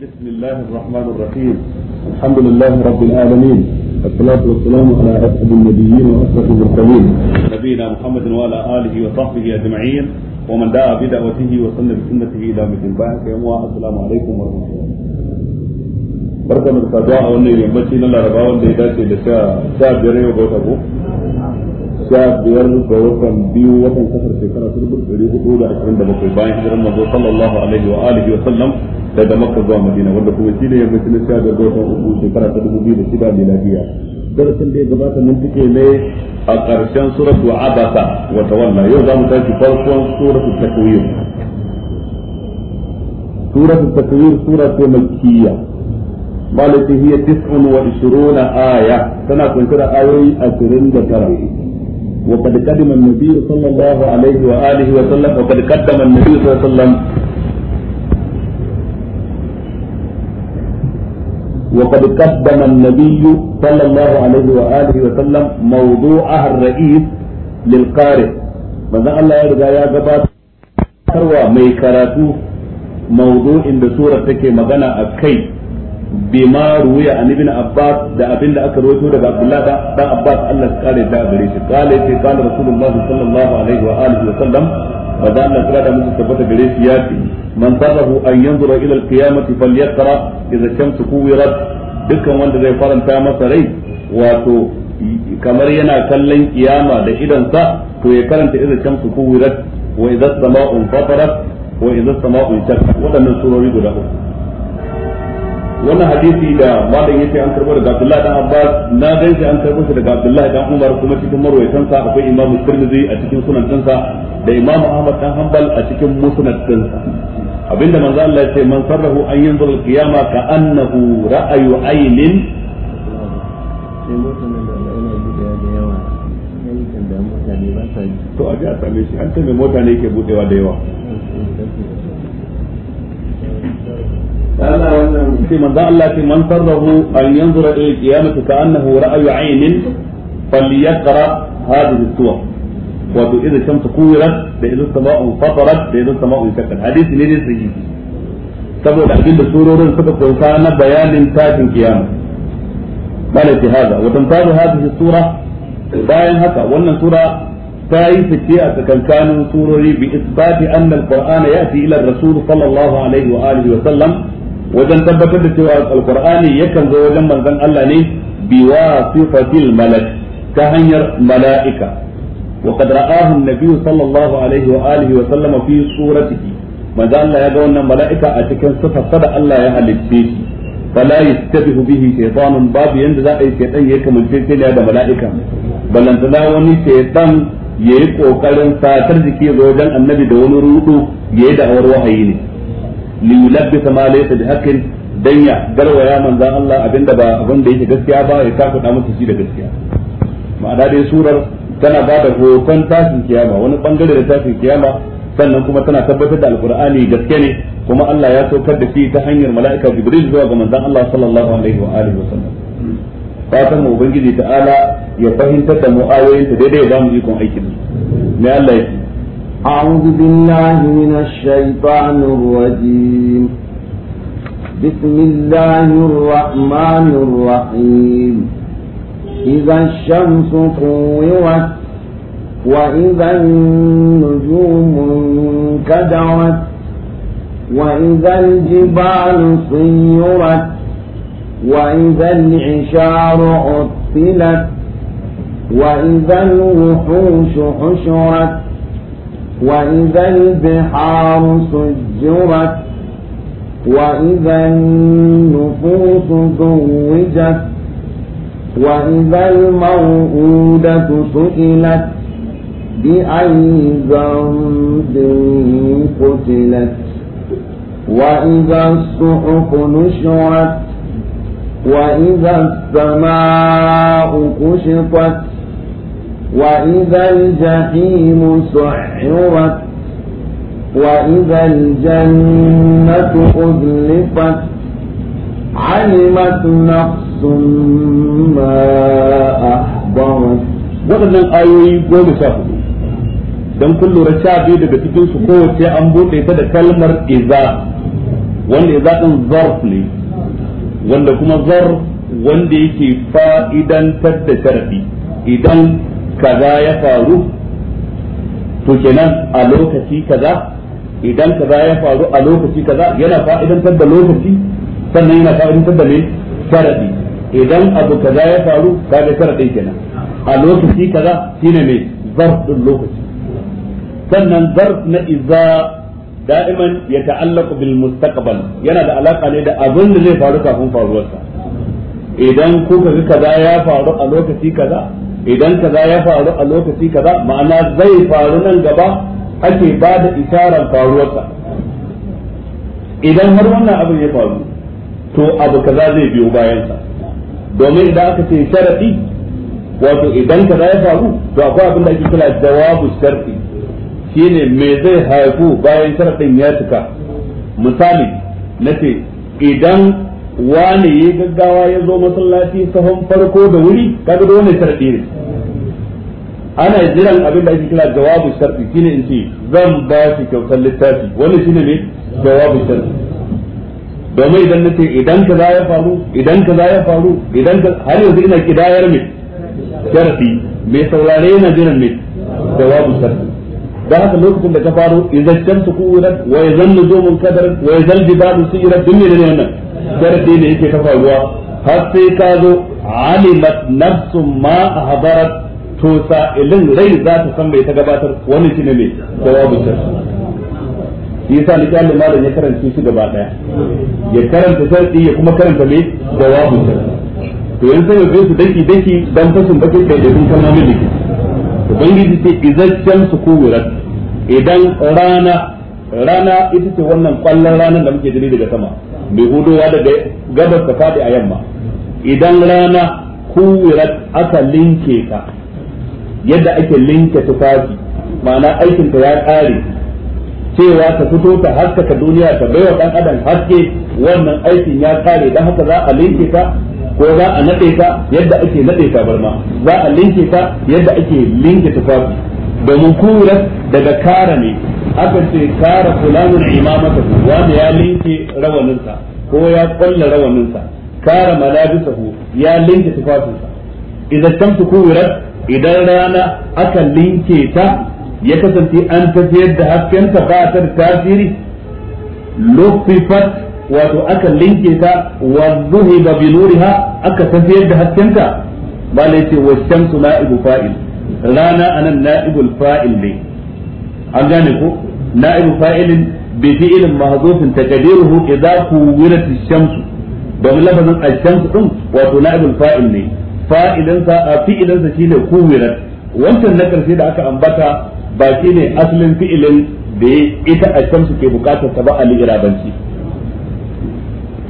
بسم الله الرحمن الرحيم الحمد لله رب العالمين الصلاة والسلام على أسعد النبيين وأشرف المرسلين نبينا محمد وعلى آله وصحبه أجمعين ومن دعا بدعوته وسن بسنته إلى مثل بعد السلام عليكم ورحمة الله barka da saduwa a wannan yammaci na laraba wanda ya dace da sha biyar yau ga wata sha biyar ga watan biyu watan kasar shekara ta dubu ɗari hudu da ashirin da bakwai bayan hijirar manzo sallallahu alaihi wa alihi wa sallam daga makka zuwa madina wanda kuma shi ne ya mutu na sha da watan uku shekara ta dubu biyu da shida mai lafiya darasin da ya gabata nan take ne a ƙarshen suratu abasa wata wannan yau za mu tashi farkon suratu takwir suratu takwir suratu makkiya malaka hiya tis'un wa 29 aya tana kunshe da ayoyi ashirin da tara وقد قدم النبي صلى الله عليه وآله وسلم وقد قدم النبي صلى الله عليه وسلم وقد قدم النبي صلى الله عليه وآله وسلم موضوعها الرئيس للقارئ من الله يرجع يا جبات تروى ميكاراتو موضوع إن سورة تكي مغنى أكي بما روي عن ابن عباس ده ابن اكثر روي ده عبد الله ده ده عباس الله قال ده غريش قال في إيه؟ قال رسول الله صلى الله عليه واله وسلم فذا الله قال من ثبت غريش ياتي من طلبه ان ينظر الى القيامه فليقرا اذا الشمس كورت dukkan wanda zai faranta masa rai wato kamar yana kallon kiyama da idansa to ya karanta idan can su kuwirat wa idan sama'un fatarat wa idan sama'un shakka waɗannan wannan hadisi da malam yace an karbo daga Abdullah dan Abbas na dai an karbo shi daga Abdullah dan Umar kuma cikin marwayatan sa akwai Imam Tirmidhi a cikin sunan dinsa da Imam Ahmad dan Hanbal a cikin musnad dinsa abinda manzo Allah yace man sarrahu an yanzur al-qiyama ka annahu ra'ayu aynin to a a same shi an ce mai mota ne yake budewa da yawa sai manzo Allah ce man sarrahu an yanzura ila qiyamati ka annahu ra'ayu aynin falyaqra hadhihi suwa wato idza shamsu kuwirat da idza sama'u fatarat da idza sama'u shakkat hadisi ne ne sahihi saboda abin da surorin suka kunsa na bayanin tashin kiyama bala fi hada wa tantazu hadhihi sura bayan haka wannan sura ta yi fice a tsakankanin surori bi isbati anna al-qur'ana ya'ti ila ar-rasul sallallahu alaihi wa alihi wa sallam wajen tabbatar da cewa alkur'ani yakan zo wajen manzon Allah ne bi wasifatil malak ta hanyar mala'ika wa qad ra'ahu nabi sallallahu ya ga mala'ika a cikin sifarsa da Allah ya halitta shi fala babu yanda za a yi shaytan ya da mala'ika balan wani shaytan yayi kokarin satar jiki ga annabi da wani rudo yayi da wahayi ne li yulabbisa ma laysa bi dan ya garwaya manzan Allah abinda ba abin da yake gaskiya ba ya takuda masa shi da gaskiya ma'ana dai surar tana ba da hoton tashin kiyama wani bangare da tashin kiyama sannan kuma tana tabbatar da alqur'ani gaske ne kuma Allah ya saukar da shi ta hanyar mala'ika jibril zuwa ga manzan Allah sallallahu alaihi wa alihi wa sallam fatan mu ubangiji ta'ala ya fahimtar da mu ayoyin ta daidai ba mu ikon aikin ne Allah ya أعوذ بالله من الشيطان الرجيم بسم الله الرحمن الرحيم إذا الشمس كورت وإذا النجوم انكدرت وإذا الجبال صيرت وإذا العشار عطلت وإذا الوحوش حشرت وإذا البحار سجرت وإذا النفوس زوجت وإذا الموءودة سئلت بأي ذنب قتلت وإذا الصحف نشرت وإذا السماء كشطت وإذا الجحيم سعرت وإذا الجنة أذلفت علمت نفس ما أحضرت waɗannan ayoyi goma sha hudu don kun lura sha biyu daga cikin su kowace an buɗe ta da kalmar iza wanda iza ɗin zarf ne wanda kuma zarf wanda yake fa'idantar da sharafi idan kaza ya faru to kenan a lokaci kaza idan kaza ya faru a lokaci kaza yana fa'idantar da lokaci sannan yana fa'idantar da ne sharadi idan abu kaza ya faru kaga sharadin kenan a lokaci kaza shine me zarf din lokaci sannan zarf na iza da'iman ya ta'allaqu bil mustaqbal yana da alaka ne da abin da zai faru kafin faruwarsa idan kuka ga kaza ya faru a lokaci kaza idan kaza ya faru a lokaci kaza ma'ana zai faru nan gaba ake ba da isharar faruwarsa idan har wannan abin ya faru to abu kaza zai biyo bayansa domin idan aka ce sharaɗi wato idan kaza ya faru to akwai abin da ake kira jawabu sharti shine me zai haifu bayan sharaɗin ya cika misali na ce idan wani ya gaggawa ya zo masallaci sahon farko da wuri kaga da wani sharadi ne ana jiran abin da ake kira jawabu sharadi shine in ce zan ba shi kyautar littafi wani shine ne jawabu sharadi domin idan ce idan ka za ya faru idan ka za ya faru idan ka har yanzu ina kidayar mai sharadi mai saurare yana jiran mai jawabu sharadi da haka lokacin da ka faru idan shamsu kuwrat wa idan mun kadar wa idan jibalu sirat dun ne wannan sharadi ne yake ta faruwa har sai ka zo alimat nafsun ma ahbarat to sa ilin rai za ta san mai ta gabatar wani shine mai jawabu sharadi shi yasa ni kallon malam ya karanta shi gaba daya ya karanta sharadi ya kuma karanta mai jawabu sharadi to yanzu sai ya su daki daki dan fasin baki da dukkan kalmomin da ke ubangiji sai idan shamsu kuwirat idan rana rana ita ce wannan kwallon ranar da muke gani daga sama mai hudowa daga gabas ta faɗi a yamma idan rana kuwirat aka linke ta yadda ake linke tufafi ma'ana aikin ta ya ƙare cewa ta fito ta haskaka duniya ta baiwa ɗan adam haske wannan aikin ya ƙare don haka za a linke ta ko za a naɗe ta yadda ake naɗe ta barma za a linke ta yadda ake linke tufafi domin kurat daga kara ne aka ce kara fulanin imamata wanda ya linke rawaninsa ko ya kwalla rawaninsa kara malabisahu ya linke tufafinsa idan tamtu kurat idan rana aka linke ta ya kasance an tafiyar da haskenta ba ta da tasiri lufifat wato aka linke ta wa zuhiba bi nuriha aka tafiyar da haskenta ba la yace wa shamsu ibu fa'il rana anan na'ibul fa'il ne an gane ko na'ibul fa'ilin bi fi'ilin mahdhufin taqdiruhu idza kuwirat ash-shamsu domin lafazin ash-shamsu din wato na'ibul fa'il ne fa'ilan sa a fi'ilan sa shine kuwirat wancan na karshe da aka ambata ba shine asalin fi'ilin da ita ash ke bukatar ta ba a banci.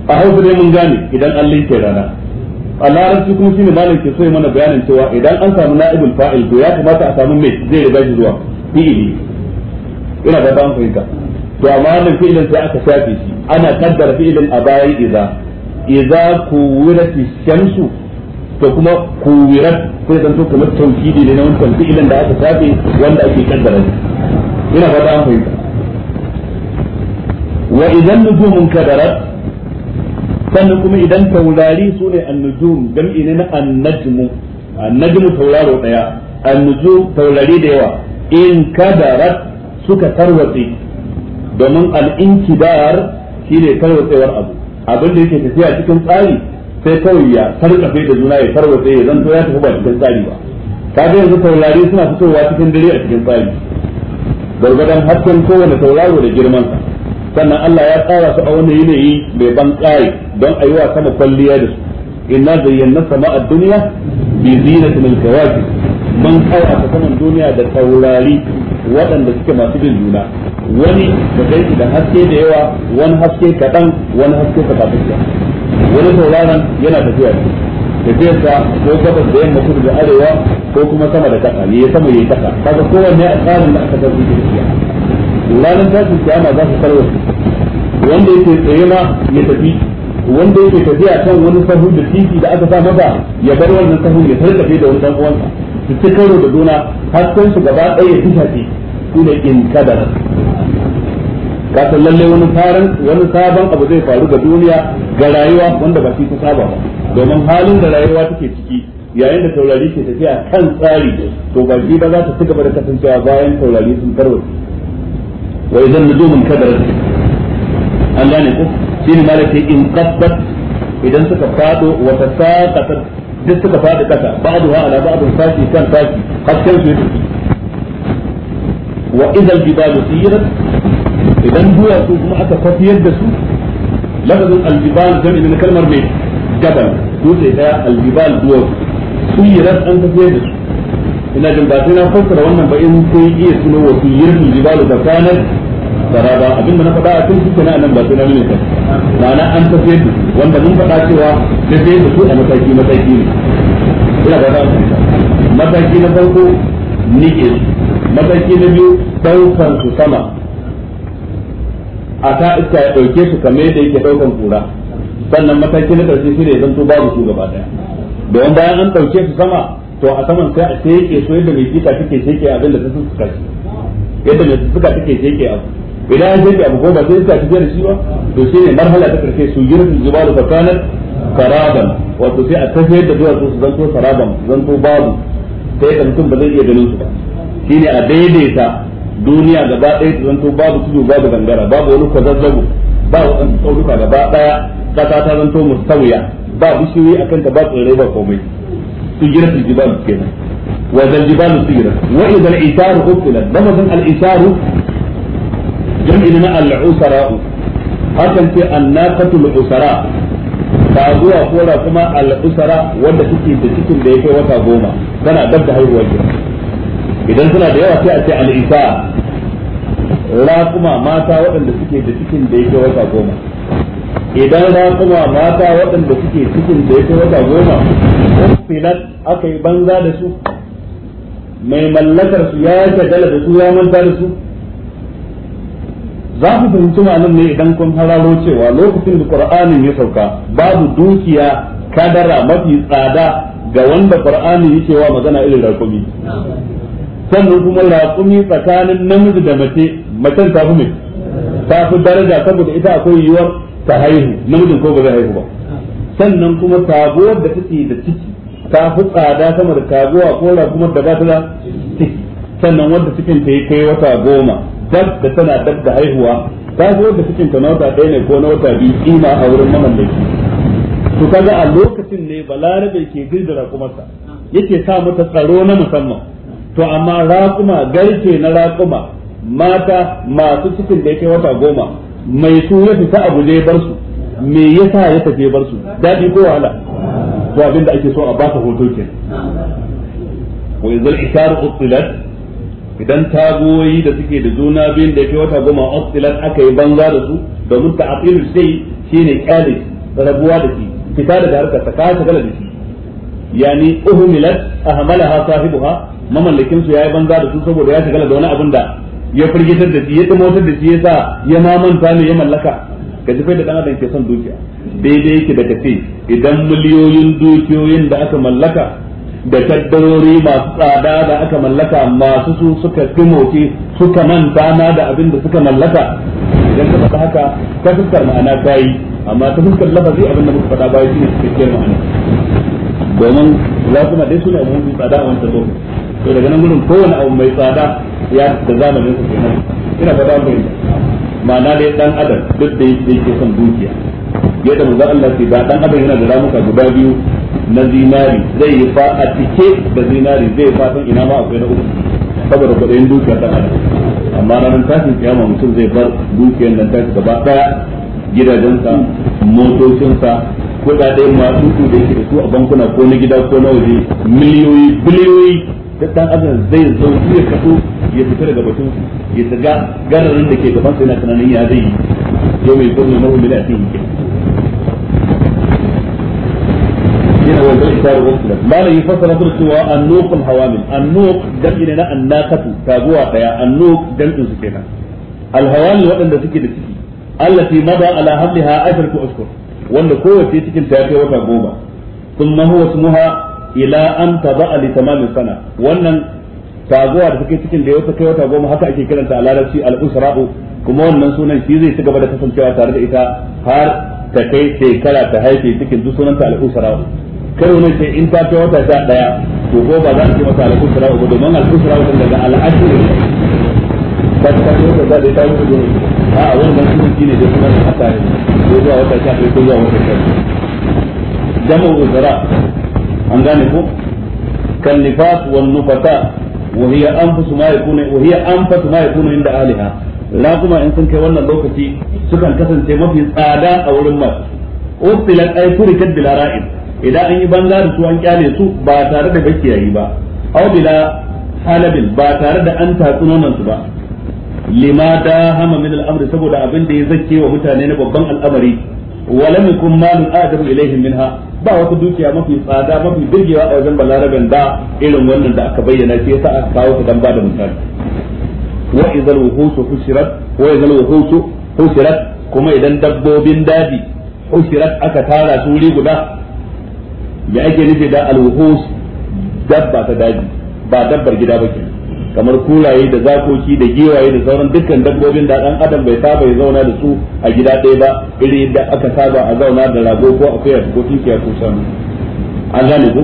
a hausa dai mun gane idan an linke rana a larabci kuma shine malam ke so ya mana bayanin cewa idan an samu na'ibul fa'il to ya kamata a samu mai zai riga shi zuwa fi'ili ina da ban fahimta to amma wannan fi'ilin sai aka shafe shi ana kaddara fi'ilin a bayan idza idza kuwirat shamsu to kuma kuwirat sai dan to kamar tawkidi ne na wannan fi'ilin da aka shafe wanda ake kaddara shi ina da ban fahimta wa idan nujumun kadarat sannan kuma idan taurari su ne annujum gami ne na annajmu annajmu tauraro daya annujum taurari da yawa in kadarat suka tarwatse domin al shi ne tarwatsewar abu abin da yake tafiya cikin tsari sai kawai ya sarkafe da juna ya tarwatse ya zanto ya tafi ba cikin tsari ba ta kaga yanzu taurari suna fitowa cikin dare a cikin tsari gargadan hasken kowane tauraro da girmansa sannan Allah ya tsara su a wani yanayi mai ban ƙari don a yi wa sama kwalliya da su inna zayyana sama duniya bi na al-kawakib mun kawata saman duniya da taurari waɗanda suke masu bin juna wani da kai idan haske da yawa wani haske kaɗan wani haske sakatakiya wani tauraron yana tafiya tafiyarsa ko gabas da yamma kudu da arewa ko kuma sama da ƙasa ne ya sama ya yi ƙasa kaga kowanne a tsarin da aka tafi da ranar tashin kiyama za su tarwa wanda yake tsaye ma ya tafi wanda yake tafiya kan wani sahu da titi da aka sa masa ya bar wannan sahu ya tarkafe da wani uwansa su ci karo da juna har san su gaba ɗaya ya tishafe su da in kadar kasan lalle wani farin wani sabon abu zai faru ga duniya ga rayuwa wanda ba shi ta saba ba domin halin da rayuwa take ciki yayin da taurari ke tafiya kan tsari to ba ba za ta ci gaba da kasancewa bayan taurari sun tarwace وإذا النجوم انكدرت أن لا نكو سين مالك انقبت إذا سكفات وتساقط جسد كذا بعضها على بعض فاشي كان فاشي قد كان وإذا الجبال سيرت إذا هو يسوس معك فتير لفظ الجبال جمع من كلمة رميت جبل قلت إذا الجبال هو سيرت أنت فتير إن جنباتنا فكر وأنا بإن سيئي إيه سنو وسيئي الجبال تكانت fassara ba abinda na faɗa a cikin shi na nan ba sai na nuna ta ma'ana an tafiye da wanda mun faɗa cewa na sai su a mataki mataki ne ina ba mataki na farko nike mataki na biyu daukan su sama a ta iska ya ɗauke su kamar yadda yake daukan kura sannan mataki na ƙarshe shi ne zan to babu su gaba daya don bayan an ɗauke su sama to a saman sai a ce yake so yadda mai fika take sai abin da ta suka yadda mai suka take sai yake abu idan an jefe abu goma sai iska tafiya da shi ba to shine marhala ta karshe su yirfin jibalu fakanan karaban wato sai a tafiyar da duwatsu su zanto karaban su zanto babu sai da mutum ba zai iya ganin su ba shine a daidaita duniya gaba ɗaya su zanto babu tudu babu gangara babu wani kwazazzabu ba wasu tsauruka gaba ɗaya ƙasa ta zanto mustawiya ba bishiyoyi akan ta ba tsirrai ba komai su gira su jibalu kenan wa zal jibalu su gira wa idal isaru uqilat lamazan al isaru jam'i na al-usara'u hakan ce annaqatu al-usara ba zuwa kora kuma al-usara wanda suke da cikin da yake wata goma tana dab da haihuwar idan suna da yawa sai a ce al-isa kuma mata waɗanda suke da cikin da yake wata goma idan kuma mata waɗanda suke cikin da yake wata goma filat aka yi banza da su mai mallakar su ya shagala da su ya manta da su za ku fahimci ma'anar ne idan kun hararo cewa lokacin da qur'anin ya sauka babu dukiya kadara mafi tsada ga wanda qur'ani ya cewa magana irin rakumi sannan kuma rakumi tsakanin namiji da mace macen ta fi mai ta fi daraja saboda ita akwai yiwuwar ta haihu namijin ko ba zai haihu ba sannan kuma sabuwar da take da ciki ta fi tsada sama da kaguwa ko rakumar da ba ta da ciki sannan wanda cikin ta yi kai wata goma dab da tana dab da haihuwa ta zo da cikin ta wata ɗaya ne ko na wata biyu kima a wurin mamallaki to kaga a lokacin ne balarabe ke girgira raƙumarsa yake sa mata tsaro na musamman to amma raƙuma garke na raƙuma mata masu cikin da yake wata goma mai su ya fita abu ne bar su me yasa ya tafi bar su daɗi ko wahala to abin da ake so a baka hoto kenan wa idza al-isharu utilat idan tagoyi da suke da juna biyun da ke wata goma ostilan aka yi banza da su domin ta asiru sai shi ne kyale rabuwa da shi fita daga harka ta kaya ta da shi yani uhmilat ahmalaha sahibuha mamallakin su yayi banza da su saboda ya shigala da wani abin da ya firgitar da shi ya tumotar da shi yasa ya mamanta ne ya mallaka ka tafi da dan adam ke son dukiya daidai yake da kace idan miliyoyin dukiyoyin da aka mallaka da kaddarori masu tsada da aka mallaka masu su suka timoce suka manta ma da abin da suka mallaka idan ka faɗa haka ta fuskar ma'ana ta yi amma ta fuskar lafazi abin da muka faɗa baya shine cikakkiyar ma'ana domin ma dai suna abubuwan tsada a wancan lokaci to daga nan gurin kowane abu mai tsada ya da zamanin su kenan ina faɗa mai ma'ana dai dan adam duk da yake son dukiya yadda mu za Allah ce ba dan adam yana da ramuka guda biyu na zinari zai yi fa a cike da zinari zai fatan ina ma akwai na uku saboda kudin dukiyar ta hada amma ranar tashin kiyama mutum zai bar dukiyar nan tashi gaba daya gidajensa motocinsa kudade masu su da yake da su a bankuna ko na gida ko na waje miliyoyi biliyoyi da dan adam zai zo ya kaso ya fita daga batun ya shiga gararin da ke gaban sa yana tunanin ya zai yi yau mai kudin na hulmi a cikin malam ya fassara su cewa annuqul hawamil annuq jam'i ne na ta taguwa daya annuq jam'in su kenan alhawamil waɗanda suke da ciki allah allati mada ala hamliha ashratu ashhur wanda kowace cikin ta kai wata goma sun mahu wasu muha ila an tada'a li tamam sana wannan ta taguwa da take cikin da ya kai wata goma haka ake kiranta a larabci al'usra'u kuma wannan sunan shi zai ci gaba da kasancewa tare da ita har ta kai shekara ta haife cikin duk sunanta al'usra'u. kai wani ce in ta kai wata sha daya to ko ba za a ce masa alaikum salam ba domin alaikum salam din daga al'ashir ba ta kai wata da ta mutu gurin a a wannan shi shine da kuma haka ko zuwa wata sha ko zuwa wata sha jama'u zara an gane ku? kan nifas wan nufata wa hiya anfusu ma yakunu wa hiya anfusu ma yakunu inda aliha kuma in sun kai wannan lokaci sukan kasance mafi tsada a wurin masu ustilat ay turikat bil ara'id idan an yi banza da su an kyale su ba tare da bakiyayi ba aw bila halabin ba tare da an tatsu nonon su ba lima da hama min al'amri saboda abin da ya zake wa mutane na babban al'amari walam yakun malun adamu ilaihim minha ba wata dukiya mafi tsada mafi birgewa a wajen balaraben da irin wannan da aka bayyana shi yasa aka kawo su dan ba da misali wa wuhusu hushirat wa wuhusu hushirat kuma idan dabbobin daji hushirat aka tara su wuri guda ya ake nufi da alwuhus dabba ta daji ba dabbar gida ba kenan kamar kulaye da zakoki da giwaye da sauran dukkan dabbobin da dan adam bai saba ya zauna da su a gida ɗaya ba iri da aka saba a zauna da rago ko akuya ko tunkiya ko shanu an gane ko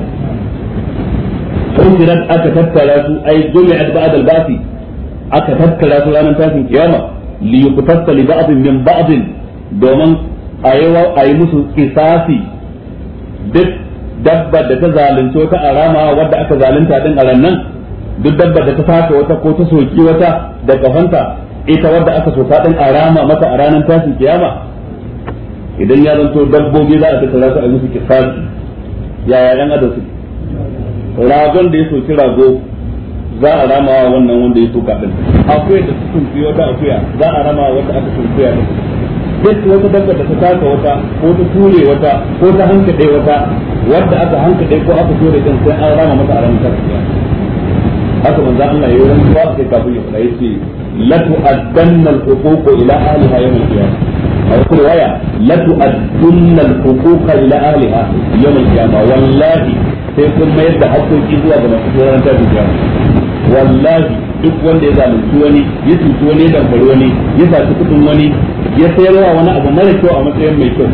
kuntiran aka tattara su ai jumi'at ba'd al-basi aka tattara su ranar tashin kiyama li yuqtasa li ba'd min ba'd domin ayi musu kisasi duk dabbar da ta zalunce wata arama wadda aka zalunta din a nan duk dabbar da ta fata wata ko ta soki wata da kafanta ita wadda aka soka din arama mata a ranar tashin kiyama idan ya zanto dabbobi za a tattara su a musu kisasi yaya yan adam su ragon da ya soki rago za a rama wannan wanda ya soka din akwai da su sun wata akuya za a rama wata aka sun fiya din duk wata dabba da ta taka wata ko ta ture wata ko ta hankade wata wadda aka hankade ko aka ture din sai an rama mata a ranar tafiya haka manzo Allah ya yi ba sai kafin ya fada yace la tu'addanna al-huquq ila ahliha yawm al-qiyamah aw kullu waya la tu'addanna al-huquq ila ahliha yawm al-qiyamah wallahi sai kun mayar da haƙƙoƙi zuwa ga masu tsoron tafiya wallahi duk wanda ya zalunci wani ya cuci wani ya damfari wani ya saci kudin wani ya sayarwa wani abu mara kyau a matsayin mai kyau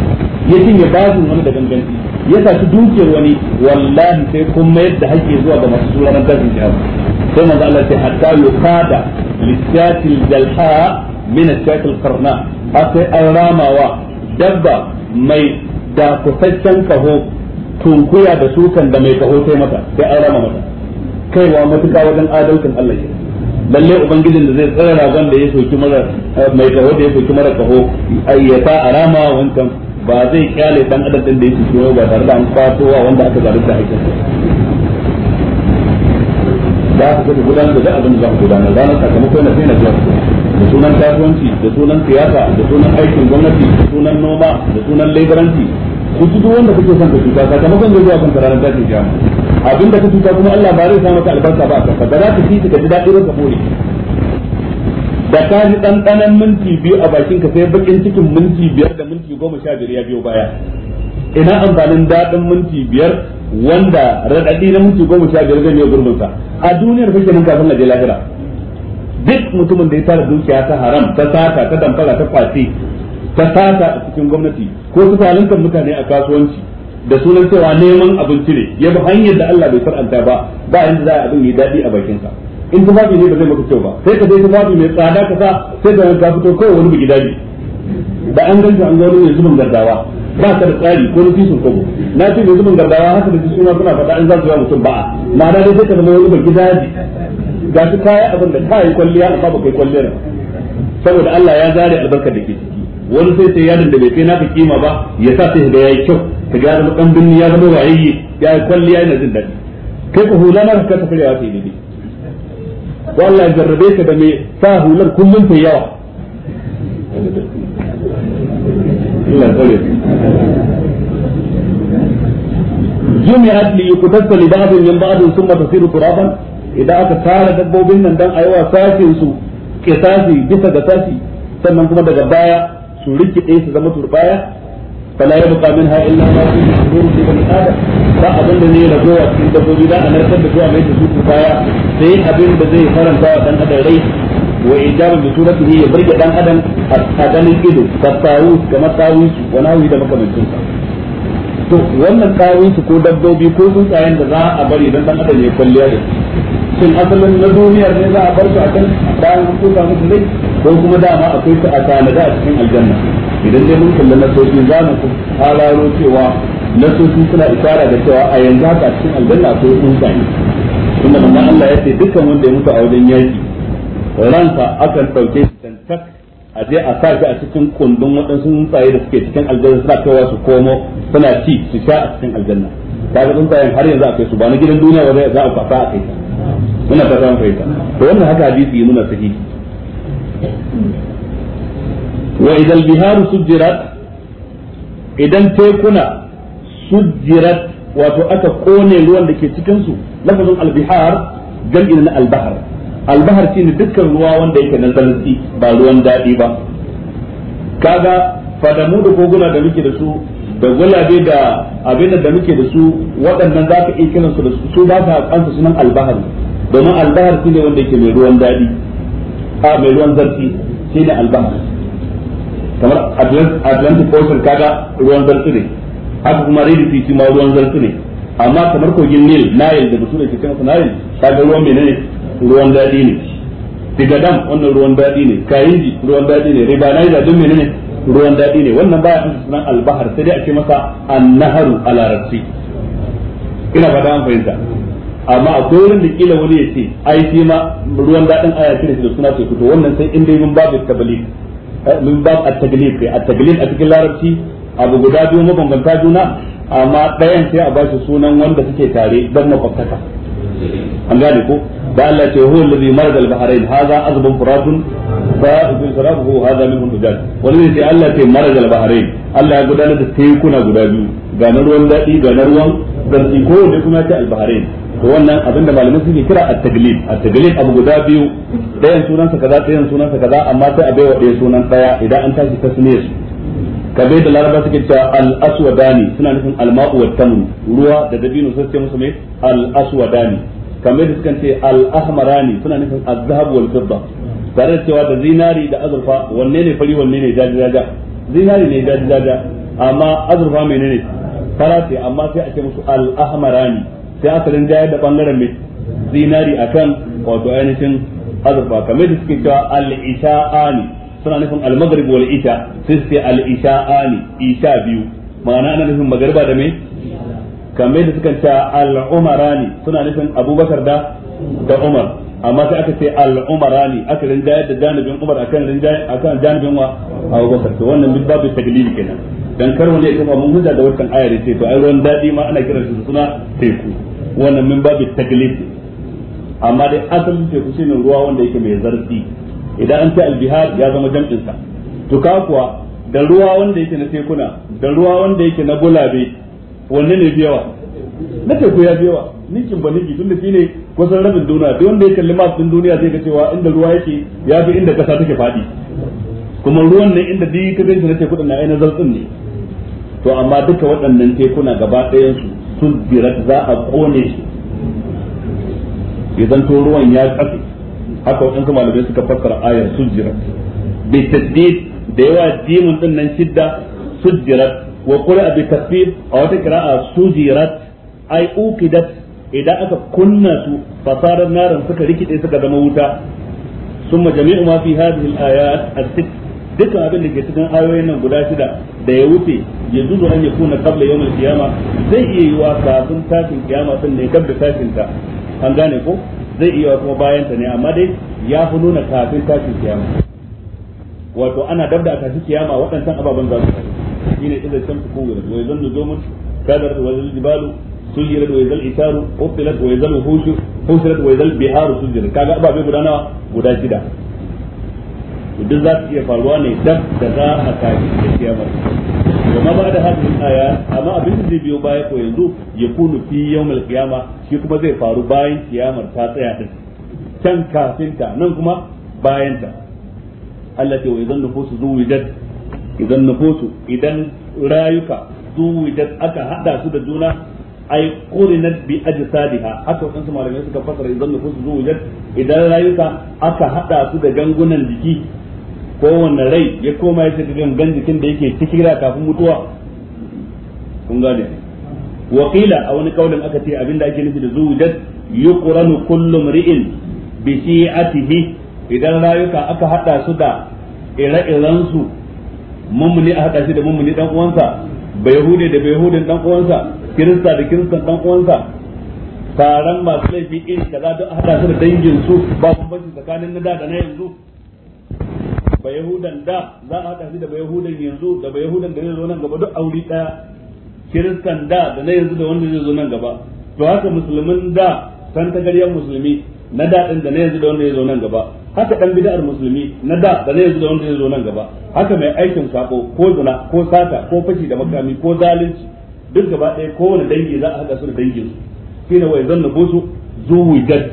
ya cinye babu wani da ganganci ya saci dukiyar wani wallahi sai kun mayar da zuwa ga masu tsoron tashin jihar sai manzo Allah ce hatta yuqada lisyatil dalha min asyatil qarna sai an ramawa dabba mai da kusaccen kaho tunkuya da sukan da mai kaho sai mata sai an rama mata kaiwa matuka wajen adalcin Allah ke lalle ubangijin da zai tsara ragon da ya soki mara eh, mai kaho da ya soki mara kaho ayyata arama wancan ba zai kyale dan adam din da ya soki ba tare da an kwatowa wanda aka zalunta hakkin da ku gudu gudanar da duk abin da za ku gudanar na sakamako na sai na biya da sunan kasuwanci da sunan siyasa da sunan aikin gwamnati da sunan noma da sunan laboranci ku duk wanda kuke son ka cuta sakamakon da zuwa kan ranar ke kiyama abinda ka cuta kuma Allah ba zai sa maka albarka ba kanka ba za ka ci ka ji daɗi ba ka bore da ka ji ɗanɗanan minti biyu a bakin ka sai bakin cikin minti biyar da minti goma sha biyar ya biyo baya ina amfanin daɗin minti biyar wanda raɗaɗi na minti goma sha biyar zai biyo gurbinsa a duniyar fa kenan kafin na je lahira duk mutumin da ya tara dukiya ta haram ta sata ta damfara ta kwasi ta sata a cikin gwamnati ko su zaluntar mutane a kasuwanci da sunan cewa neman abinci ne ya bi hanyar da Allah bai faranta ba ba inda za a abin yi daɗi a bakin sa in tufafi ne ba zai maka kyau ba sai ka sai tufafi mai tsada ka sa sai da ka fito kawai wani bugi daɗi da an ganta an zaune mai zubin gardawa ba ka da tsari ko nufi sun kogo na ce mai zubin gardawa haka da suna suna faɗa in za su yi mutum ba'a ma'ana dai sai ka zama wani bugi daɗi ga su kaya abin da ta yi kwalliya amma ba kai kwalliya saboda Allah ya zare albarkar da ke wani sai sai yadin da bai kai naka kima ba ya sa sai ga yayi kyau ka ga zama kan binni ya zama wayayi ya kwalliya yana jin daɗi kai ka hula naka ka tafi yawa sai dai wallahi jarrabe ka da me sa hular kullun ta yawa Allah tsare jumi'at li yukutasa li ba'd min ba'd thumma tasiru turaban idan aka tara dabbobin nan dan ayi wa sashin su kisasi bisa ga sashi sannan kuma daga baya su rikide su zama turbaya fala ya buka min ha illa ma fi zuhur fi bani adam ba abin da zai rago a cikin dabbobi da anar da zuwa mai da su turbaya sai abin da zai faranta wa dan adam rai wa ijaban bi suratihi ya burge dan adam a ganin ido ka tawu kamar tawu wani hawi da makamancinsa to wannan kayan su ko dabbobi ko tsuntsayen da za a bari dan dan adam ya kwalliya da shin asalin na duniyar ne za a bar su a kan bayan su ka musu ne ko kuma dama akwai su a da a cikin aljanna idan dai mun kalli nasoshi za mu halaro cewa nasoshi suna isara da cewa a yanzu haka a cikin aljanna akwai tsuntsaye tunda manzon Allah ya ce dukkan wanda ya mutu a wajen yaki ranka akan ɗauke shi tantak a je a sa shi a cikin kundin waɗansu tsuntsaye da suke cikin aljanna suna kaiwa su komo suna ci su sha a cikin aljanna kaga tsuntsayen har yanzu kai su ba na gidan duniya ba za a fasa a kai ta muna fata mun fahimta to wannan haka hadisi ya nuna wa idan biharu sujjirat idan tekuna sujjirat wato aka kone ruwan da ke cikin su lafazin albihar jam'in na albahar albahar shine dukkan ruwa wanda yake na sarki ba ruwan daɗi ba kaga fadamu da koguna da muke da su da gulabe da abin da muke da su waɗannan za ka iya su da su ba ta kansu sunan albahar domin albahar shine wanda yake mai ruwan daɗi a mai ruwan zarfi shine albahar kamar atlantic ocean kaga ruwan zarfi ne haka kuma fiti ma ruwan zarfi ne amma kamar kogin nil nayil da basu da ke kansu nayil kaga ruwan menene ruwan daɗi ne dam wannan ruwan daɗi ne kayinji ruwan daɗi ne da don menene ruwan daɗi ne wannan baya an sunan albahar sai dai ake masa annaharu a larabci ina fata an fahimta amma akwai wurin da kila wani ya ce ai shi ma ruwan daɗin aya ce da suna ce to wannan sai inda mun babu tabliq eh, mun babu at-tagliq at-tagliq a cikin larabci abu guda biyu mabambanta juna amma ɗayan sai a shi sunan wanda suke tare don makwabtaka an gane ko da Allah ce huwa allazi marad al bahrain hadha azbun furatun fa bi sharabuhu hadha minhu wani ne sai Allah ce marad al bahrain Allah ya gudanar da tekuna guda biyu ga na ruwan dadi ga na ruwan zanti ko kuma ta al bahrain to wannan abinda malamin suke kira at-taglib at-taglib abu guda biyu dayan sa kaza dayan kaza amma sai a baiwa daya sunan daya idan an tashi tasniyar su kabe da laraba suke ta al aswadani suna nufin al ma'u wa tamr ruwa da dabino sai ce musu me al aswadani kamar da sukan ce al ahmarani suna nufin al zahab wal fidda tare da cewa da zinari da azurfa wanne ne fari wanne ne jaji jaja zinari ne jaji jaja amma azurfa menene fara ce amma sai a ce musu al ahmarani sai asalin jaya da bangaren me zinari akan wato ainihin azurfa kamar da suke cewa al isha'ani suna nufin al-maghrib wal isha sai su ce al-isha'ani isha biyu ma'ana ana nufin magariba da me kamar yadda suka ce al-umarani suna nufin abubakar da da umar amma sai aka ce al-umarani aka rinjayar da janibin umar akan rinjayar akan janibin wa abubakar to wannan duk babu taglili kenan dan kar wanda ya kafa mun hujja da wannan ayar ce to ai ruwan dadi ma ana kiran suna teku wannan min babu taglili amma dai asalin teku shine ruwa wanda yake mai zarfi idan an ce albihar ya zama jam'in sa to ka kuwa da ruwa wanda yake na tekuna da ruwa wanda yake na bulabe wanne ne biyawa na teku ya biyawa ninkin ba ninki tunda shine kusan rabin duniya duk wanda ya kalli map din duniya zai ga cewa inda ruwa yake ya fi inda kasa take fadi kuma ruwan nan inda duk ka ganta na teku na ainihin zartsin ne to amma duka waɗannan tekuna gaba ɗayan su sun birat za a kone su idan to ruwan ya kafe haka wadansu malamai suka fassara ayar sujjirat bi tasdid da yawa jimin din nan shidda sujjirat wa qura bi tasdid a wata qira'a sujirat ay uqidat idan aka kunna su fasarar naran suka rikide suka zama wuta summa jami'u ma fi hadhihi al-ayat as-sitt dukkan abin da ke cikin ayoyin nan guda shida da ya wuce ya zuzu an ya kuna kabla yawon kiyama zai iya yi wa kafin tashin kiyama sun ne gab da tashin ta an gane ko zai iya kuma bayan ta ne amma dai ya fi nuna kafin tashi kiyama wato ana dabda a tashi kiyama waɗancan ababen za su faru ne idan shamsu kuwira wa yazan nujumun kadar da wajen jibalu sujirat da wajen isaru ufilat wa yazal hushu husirat da wajen biharu sujirat kaga ababe guda nawa guda shida duk za su iya faruwa ne dab da za a kaji da kiyama amma ba da hadin aya amma abin da zai biyo baya ko yanzu ya kunu fi yawmal kiyama shi kuma zai faru bayan kiyamar ta tsaya din can kafin ta nan kuma bayan ta Allah ce wa idan nufusu zuwidat idan nufusu idan rayuka zuwidat aka hada su da juna ay qurinat bi ajsadiha haka wadansu malamai suka fasara idan nufusu zuwujat idan rayuka aka hada su da gangunan jiki kowanne rai ya koma ya shiga gangan jikin da yake cikin da kafin mutuwa kun gane wakila a wani kaulin aka ce abinda ake nufi da zuwujat yuqranu kullu mri'in bi shi'atihi idan rayuka aka hada su da ire-iren su mummuni a hada shi da mummuni dan uwansa bai hude da bai dan uwansa kirista da kiristan dan uwansa taron masu laifi iri kaza duk hada su da dangin su ba bambanci tsakanin na da da na yanzu ba yahudan da za a hada shi da ba yahudan yanzu da ba yahudan da zai zo nan gaba duk aure daya kiristan da da na yanzu da wanda zai zo nan gaba to haka musulmin da san tagariyar musulmi na da din da na yanzu da wanda zai zo nan gaba haka dan bid'ar musulmi na da da na yanzu da wanda zai zo nan gaba haka mai aikin sako ko zina ko sata ko fashi da makami ko zalunci duk gaba ɗaya kowane dangi za a haɗa su da dangin su wai zan na busu zuwi gad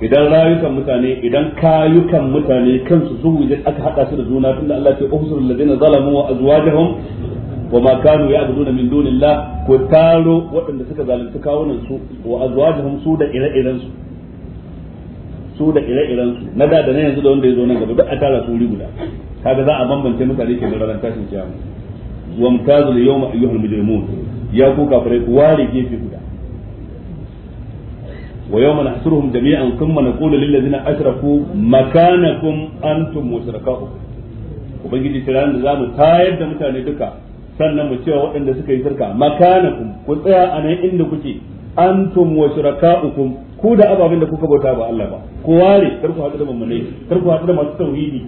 idan rayukan mutane idan kayukan mutane kansu zuwi gad aka haɗa su da juna tunda Allah ya ce uhsul ladina zalamu wa azwajuhum wa ma kanu ya'buduna min dunillah ko taro waɗanda suka zalunci kawunan su wa azwajuhum su da ire-iren su su da ire-iren su na da da na yanzu da wanda ya zo nan gaba duk a tara su wuri guda kaga za a bambance mutane ke da ranar tashin kiyama wa mutazul yawma ayyuhal mujrimun ya ku kafirai ku ware gefe guda wa yawma nahsuruhum jami'an thumma naqulu lil ladzina ashraku makanakum antum wa shurakaa'ukum zamu tayar da mutane duka sannan mu cewa waɗanda suka yi shirka makanakum ku tsaya a nan inda kuke antum wa shuraka'ukum ku da ababen da kuka bauta ba Allah ba ku ware kar ku haɗu da mamanai kar ku haɗu da masu tauhidi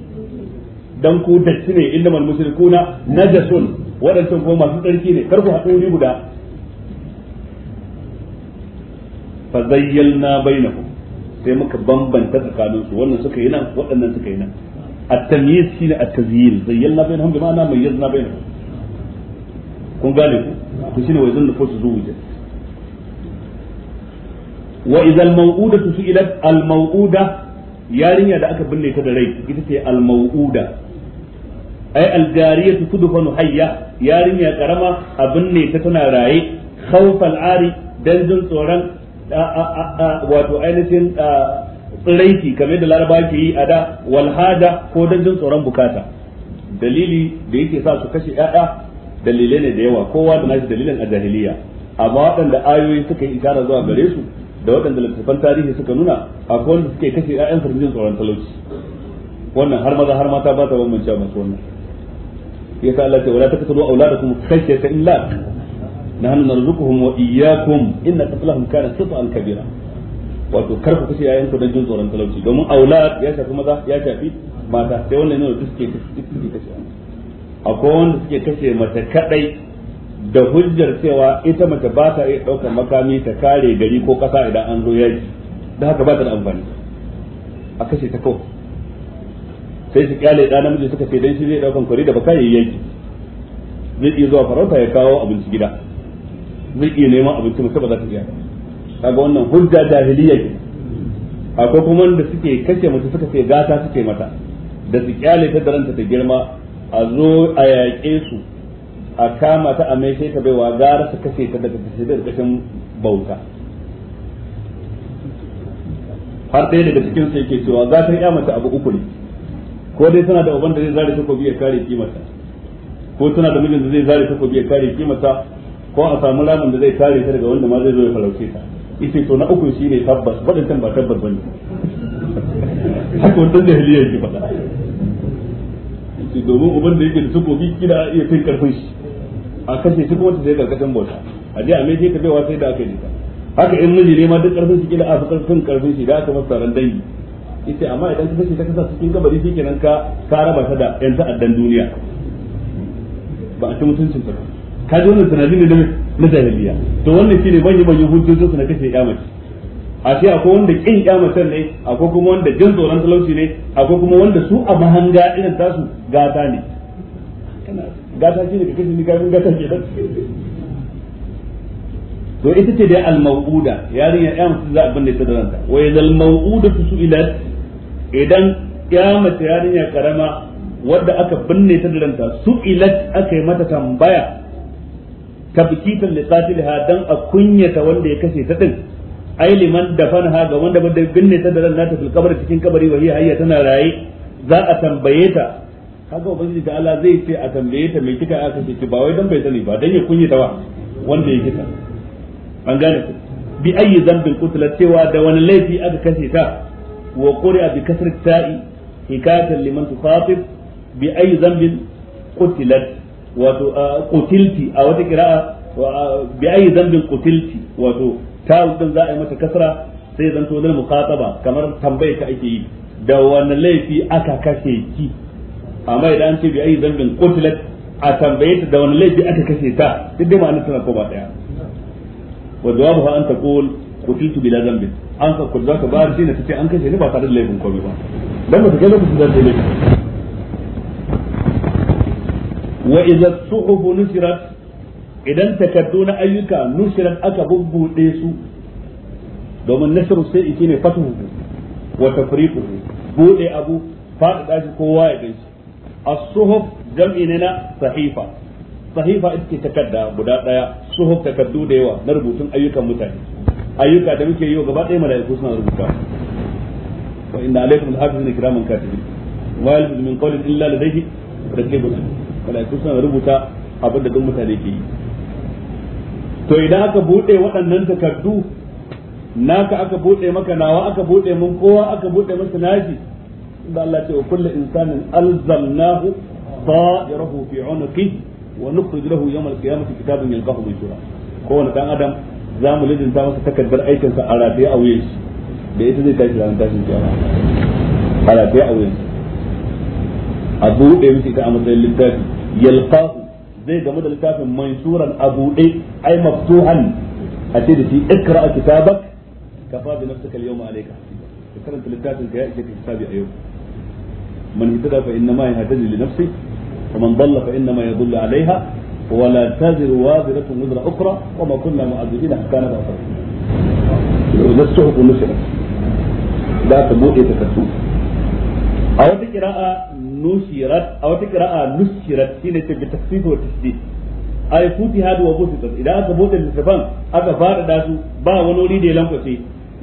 dan ku datti ne inda mal mushrikuna najasun waɗancan kuma masu tsarki ne kar ku haɗu wuri guda fa zayyalna bainahum sai muka bambanta tsakanin su wannan suka yi nan waɗannan suka yi nan at-tamyiz shine at-tazyil zayyalna bainahum bi ma'ana mayyazna bainahum kun gane ku to shine wai zanna fosu zuwa je wa idza al-maw'udatu su'ilat al-maw'uda yarinya da aka binne ta da rai ita ce al-maw'uda ai aljariyatu tudfanu hayya yarinya karama abin ne ta tana raye khawfal ari dan jin tsoron wato ainihin tsiraiki kamar da laraba ke yi a da walhada ko dan jin tsoron bukata dalili da yake sa su kashe yaya dalilai ne da yawa kowa da nashi dalilin a jahiliya amma waɗanda ayoyi suka yi isharar zuwa gare su da waɗanda littattafan tarihi suka nuna a wanda suke kashe ya'yan su jin tsoron talauci wannan har maza har mata ba ta bambance masu wannan ya sa Allah ta wala auladakum khashyata illa nahnu narzuquhum wa iyyakum inna kana kabira wato kar ku kashe yayan dan jin tsoron talauci domin aulad ya shafi maza ya shafi mata sai wannan ne da suke suke kashe akwai wanda suke kashe mata kadai da hujjar cewa ita mace ba ta iya daukar makami ta kare gari ko kasa idan an zo yaki da haka ba ta da amfani a kashe ta kawai sai su kyale da namiji suka ce dan shi zai daukan kwari da baka yayi yanki zai iya zuwa farauta ya kawo abinci gida zai iya neman abinci mace ba za ka iya kaga wannan hujja jahiliya ke akwai kuma wanda suke kashe mace suka ce gata suke mata da su kyale ta daranta ta girma a zo a yaƙe su a kama ta a sai ta baiwa gara su kashe ta daga kashe da kashin bauta har ɗaya daga cikin su yake cewa yi ya mace abu uku ne ko dai suna da uban da zai zare takobi ya kare kimarta ko suna da mijin da zai zare takobi ya kare kimarta ko a samu ramin da zai kare ta daga wanda ma zai zo ya farauce ta ita to na uku ne tabbas wadannan ba tabbas bane haka wannan jahiliya yake faɗa ita domin uban da yake da takobi kira iya kai karfin shi a kashe shi kuma ta zai karkashin bauta a je a mai sai ka sai da aka yi ta haka in miji ne ma duk karfin shi kila a fi karfin karfin shi da aka masa ran dangi yace amma idan ka kace ta kasa cikin kabari kenan ka ka raba ta da yan ta'addan duniya ba a ci mutuncin ta ka ji wannan tunani ne na jahiliya to wannan shine manyan manyan hujjojin su na kashe kyamaci a ce akwai wanda kin kyamatar ne akwai kuma wanda jin tsoron talauci ne akwai kuma wanda su a mahanga irin tasu gata ne gata shine ka kashe ni kafin gata ke to ita ce dai al-mawuda yarinya ya su za a binne ta da ranta wa idal mawuda su ilat idan ya mace yarinya karama wanda aka binne ta da ranta su ilat aka yi mata tambaya tabkitan li qatilha dan a kunyata wanda ya kashe ta din ai liman ha ga wanda da binne ta da ranta fil kabari cikin kabari wa hiya hayya tana raye za a tambaye ta kaga ubangiji da Allah zai ce a tambaye ta me kika aka ce ba wai dan bai sani ba dan ya kunyata wa wanda ya kita an gane ku bi ayi zambin kutula cewa da wani laifi aka kashe ta wa quri'a bi kasr ta'i hikatan liman tukhatib bi ayi zambin kutilat wato kutilti a wata qira'a bi ayi zambin kutilti wato ta din za a yi mata kasara sai zanto zan mukhataba kamar tambayar ta ake yi da wani laifi aka kashe ki amma idan ce bi ayi zambin kutilat a tambaye ta da wani laifi aka kashe ta duk dai ma'anar tana ko ba daya wa jawabuha an taqul qutiltu bila dhanbin an ka kullu ka ba dina tace an kashe ni ba tare da laifin komai ba dan ba ta kai da zai laifi wa idza suhuf nusirat idan takaddu na ayyuka nusirat aka bubbude su domin nasiru sai shine abu faɗaɗa shi kowa ya gaishe as jam'i ne na sahifa sahifa ita ce takarda guda daya suhuf takardu da yawa na rubutun ayyukan mutane ayyuka da muke yi wa gaba ɗaya mala'iku suna rubuta wa inna alaikum alhafizina kiraman katibin wa yalfiz min qawlin illa ladayhi raqibun mala'iku suna rubuta abin da duk mutane ke yi to idan aka bude waɗannan takardu naka aka bude maka nawa aka bude mun kowa aka bude masa naji da Allah ce wa kullu insanin alzamnahu ta'irahu fi 'unqihi wa nukhrij lahu yawm al-qiyamati kitaban yalqahu mansura kowane dan adam za mu lidinta masa takardar aikin sa a rataye a wuyan shi da ita zai tashi ranar tashin kiyama a rataye a wuyan shi a buɗe miki ta a matsayin littafi yalqahu zai game da littafin mansuran a buɗe ai maftuhan a ce da shi ikra kitabak kafa bi nafsika al-yawma alayka ka karanta littafin ka ya ishe a yau man fa inna ma yahtaji li nafsihi ومن ضل فإنما يضل عليها ولا تزر وازرة وزر أخرى وما كنا معذبين حتى نبعث رسولا إذا الصحف نشرت لا تبوء يتفتو أو تقراء نشرت أو تقراء نشرت حين بالتخفيف والتشديد أي فتحت وبسطت إذا أتى بوت الفن أتى فارد با ونولي دي لنفسي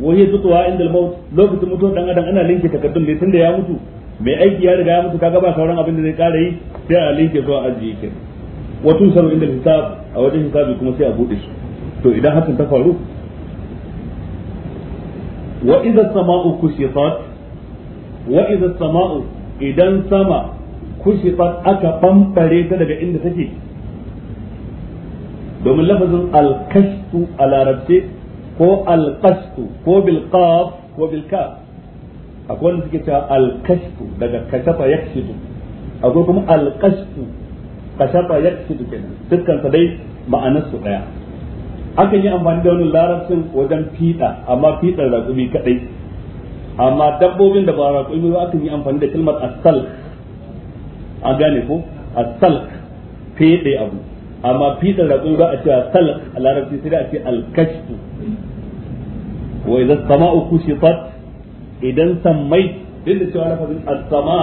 وهي تطوى عند الموت لو كنت متوى أنا لنكي تكتم لي تندي يا متو mai aiki ya riga ya mutu kaga ba sauran abin da zai kara yi sai a linke zuwa ajiye ke wato sabu inda hisab a wajen hisabi kuma sai a bude su to idan hakan ta faru wa idza samau kushitat wa idza samau idan sama kushitat aka bambare ta daga inda take domin lafazin alkastu a larabce ko al alkastu ko bilqaf ko bilkaf akwai wanda suke cewa alkashfu daga kashafa yakshifu akwai kuma al-kashfu kashafa yakshifu kenan dukkan sa dai ma'anar su daya akan yi amfani da wani larabcin wajen fiɗa amma fiɗar raƙumi kaɗai amma dabbobin da ba raƙumi ba akan yi amfani da kalmar asal a gane ko asal fiɗe abu amma fiɗar raƙumi ba a ce asal a larabci sai a ce alkashfu wa idan sama'u kushitat idan sammai din da cewa lafazin as-sama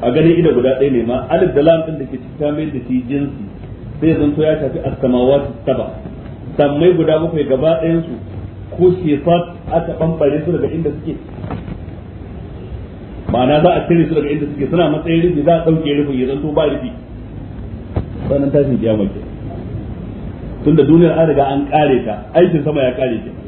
a gani ido guda ɗaya ne ma alif da lam din da ke cikin mai da shi jinsi sai ya zanto ya shafi as-samawati saba sammai guda bakwai gaba ɗayan su ko sifat aka bambare su daga inda suke ma'ana za a cire su daga inda suke suna matsayin rufi za a ɗauke rufi ya zanto ba rufi sannan tashin kiyama ke tunda duniyar an riga an kare ta aikin sama ya kare ta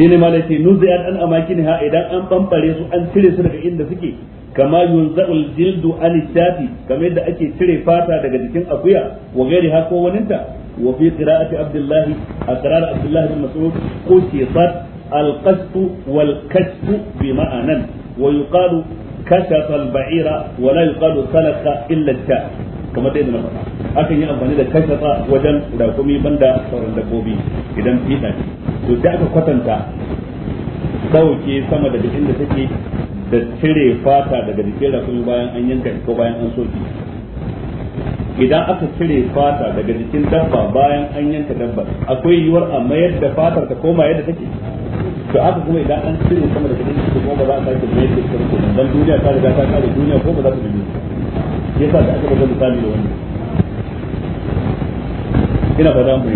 shine malaki nuzi'at amaki amakinha idan an bambare su an cire su daga inda suke kama yunza'ul jildu an shafi kamar yadda ake cire fata daga jikin akuya wa gairi ha ko waninta wa fi qira'ati a aqrar abdullahi bin mas'ud qusisat al-qasf wal kashf bi ma'anan wa yuqalu kashafa al-ba'ira wa la yuqalu salaka illa al kamar dai da na faɗa akan yi amfani da kashasa wajen rakumi banda sauran dabbobi idan fita ne to da aka kwatanta dauke sama da jikin da take da cire fata daga jikin rakumi bayan an yanka ko bayan an soki idan aka cire fata daga jikin dabba bayan an yanka dabba akwai yiwuwar a mayar da fatar ta koma yadda take to aka kuma idan an cire sama da jikin ta kuma ba za a sake mayar da ita ba dan duniya ta riga ta kare duniya ko ba za ta bi shi yasa da aka buga misali da wannan ina fata mu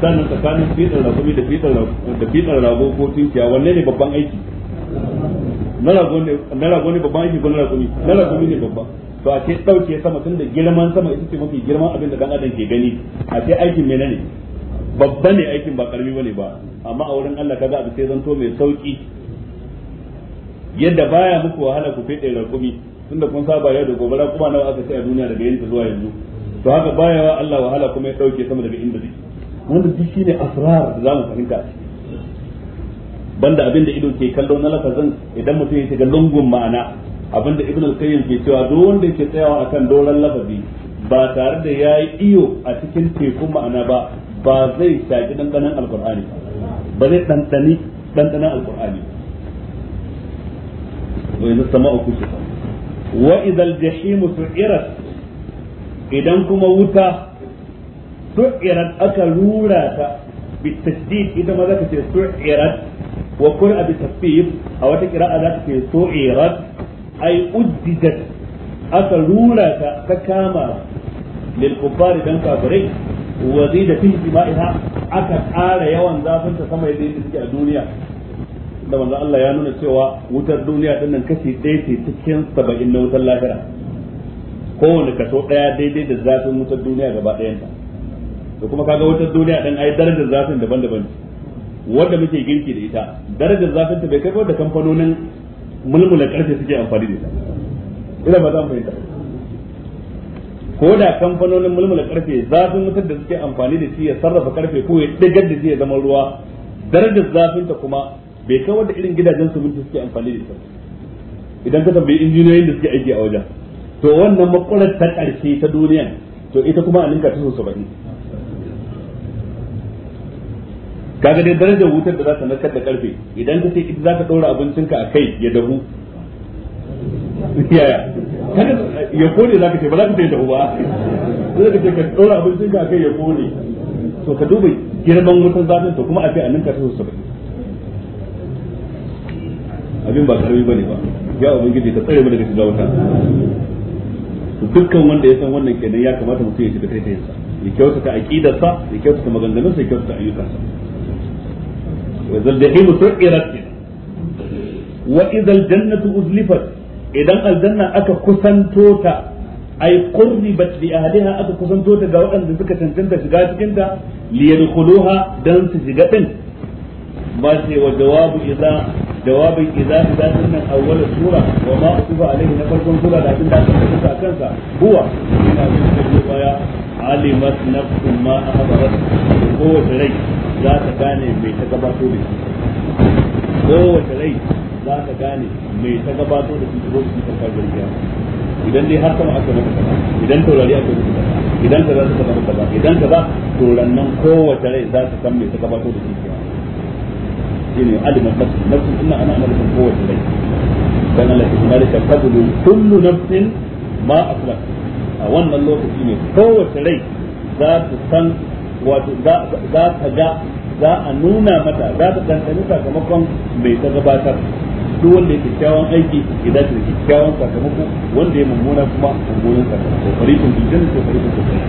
sannan tsakanin fitar rakumi da fitar da fitar rago ko tunkiya wanne ne babban aiki na rago ne na ne babban aiki ko na ne na rakumi ne babban to a ce dauke sama tun da girman sama ita ce mafi girman abin da dan adam ke gani a ce aikin menene babba ne aikin ba karami bane ba amma a wurin Allah kaga abu sai zanto mai sauki yadda baya muku wahala ku fede rakumi tunda kun saba yau da gobe kuma nawa aka sai a duniya daga yanzu zuwa yanzu to haka baya wa Allah wahala kuma ya dauke sama daga inda take wanda duk shine asrar da zamu fahimta banda abin da ido ke kallo na lafazin idan mutum ya shiga lungun ma'ana abin da ibnu al-qayyim ke cewa duk wanda yake tsayawa akan doran lafazi ba tare da yayi iyo a cikin tekun ma'ana ba ba zai shaƙi dandanan alkur'ani ba zai dandani dandanan alqur'ani wa yanzu sama'a wa idal jahimu su'irat idan kuma wuta su'irat aka rura ta bitasdid ita ma zaka ce su'irat wa kun abi tasbih a wata qira'a zaka ce su'irat ay uddidat aka rura ta ta kama lil kuffar dan kafirai wa zida aka ƙara yawan zafin ta sama yadda a duniya da manzo Allah ya nuna cewa wutar duniya din nan kashi ɗaya ce cikin saba'in na wutar lahira kowane kaso ɗaya daidai da zafin wutar duniya gaba ɗayanta da kuma kaga wutar duniya din ai darajar zafin daban-daban wanda muke girki da ita darajar zafin ta bai kai da kamfanonin mulmula karfe suke amfani da ita ina ba za mu fahimta ko da kamfanonin mulmula karfe zafin wutar da suke amfani da shi ya sarrafa karfe ko ya digar da shi ya zama ruwa darajar zafin ta kuma bai kawar da irin gidajen siminti suke amfani da ita idan ka tambayi injiniyoyin da suke aiki a wajen to wannan makwarar ta ƙarshe ta duniya to ita kuma a ninka ta sosa saba'in kaga dai darajar wutar da za ta narkar da karfe idan ka ce ita za ka ɗora abincinka a kai ya dahu yaya kada ya kone za ka ce ba za ka ce dahu ba za ka ce ka ɗora abincinka a kai ya kone to ka duba girman wutar zafin to kuma a fi a ninka ta sosa saba'in abin ba karami bane ba ya ubangiji ka tsare mu daga shiga wuta dukkan wanda ya san wannan kenan ya kamata mutum ya shiga taitayinsa ya kyautata aqidarsa ya kyautata maganganunsa ya kyautata ayyukansa wa zal jahim su'irat wa idhal jannatu uzlifat idan aljanna aka kusanto ta ay qurribat li ahliha aka kusanto ta ga waɗanda suka tantanta shiga cikin ta li yadkhuluha dan su shiga din ba sai wa jawabu idza jawabin idza idza sunan awwal sura wa ma usiba alaihi na farkon sura da abin da aka rubuta a kansa huwa ina bin da baya alimat nafsun ma ahdarat kowace rai za ta gane mai ta gabato da rai za ta gane ta gabato da ko ta idan dai har sama aka rubuta idan taurari aka rubuta idan ka za ta gabato idan ka ba to rannan kowace rai za ta san me ta gabato da shi shine alimin nafs nafs ina ana ana nufin kowace rai dan Allah ya kuma rika fadlu kullu nafsin ma aflak a wannan lokaci ne kowace rai za ta san wato za ta ga za a nuna mata za ta dantane sakamakon mai ta gabatar duk wanda ya kyakkyawan aiki ya ta kyakkyawan sakamako wanda ya mummuna kuma mummunan sakamako farikun bijan ko farikun sosai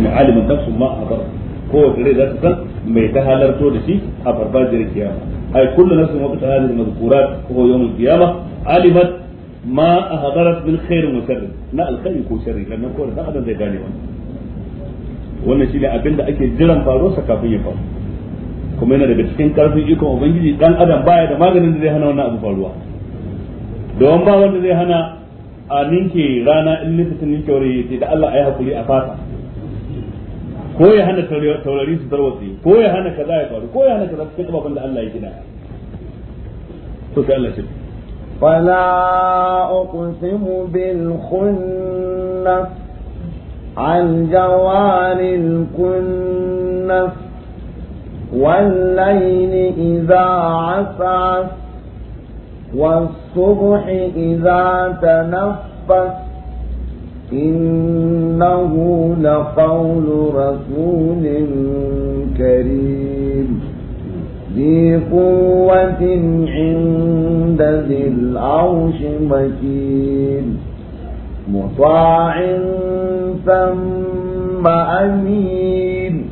ina alimin nafsun ma a kowace rai za ta san mai ta halarto da shi a farfajiyar kiyama ai kullu nafsin waqta hadhihi al-mazkurat huwa yawm al alimat ma ahdarat min khair wa sharr na alkhairi ko sharri dan ko da adam zai gane wannan wannan shine abin da ake jiran faro sa kafin ya faru kuma yana daga cikin karfin ikon ubangiji dan adam baya da maganin da zai hana wannan abu faruwa don ba wanda zai hana a ninke rana in lokacin ninkewar ya da Allah ayi hakuri a fata ko ya hana taurari su tarwatsi ko ya hana kaza ya faru ko ya hana kaza cikin kafafan da Allah ya gina to sai Allah ya فلا أقسم بالخنة الجوار الكنة والليل إذا عسعس والصبح إذا تنفس إنه لقول رسول كريم ذي قوة عند ذي العرش مكين مطاع ثم أمين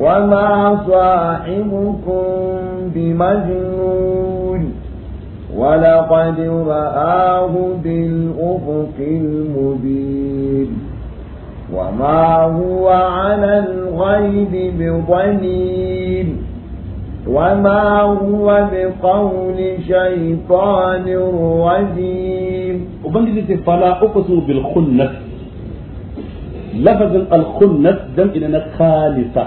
وما صاحبكم بمجنون ولقد رآه بالأفق المبين وما هو على الغيب بضنين وما هو بقول شيطان رجيم وبنجد فلا أقسم بالخنس لفظ الخنس دم إننا خالصة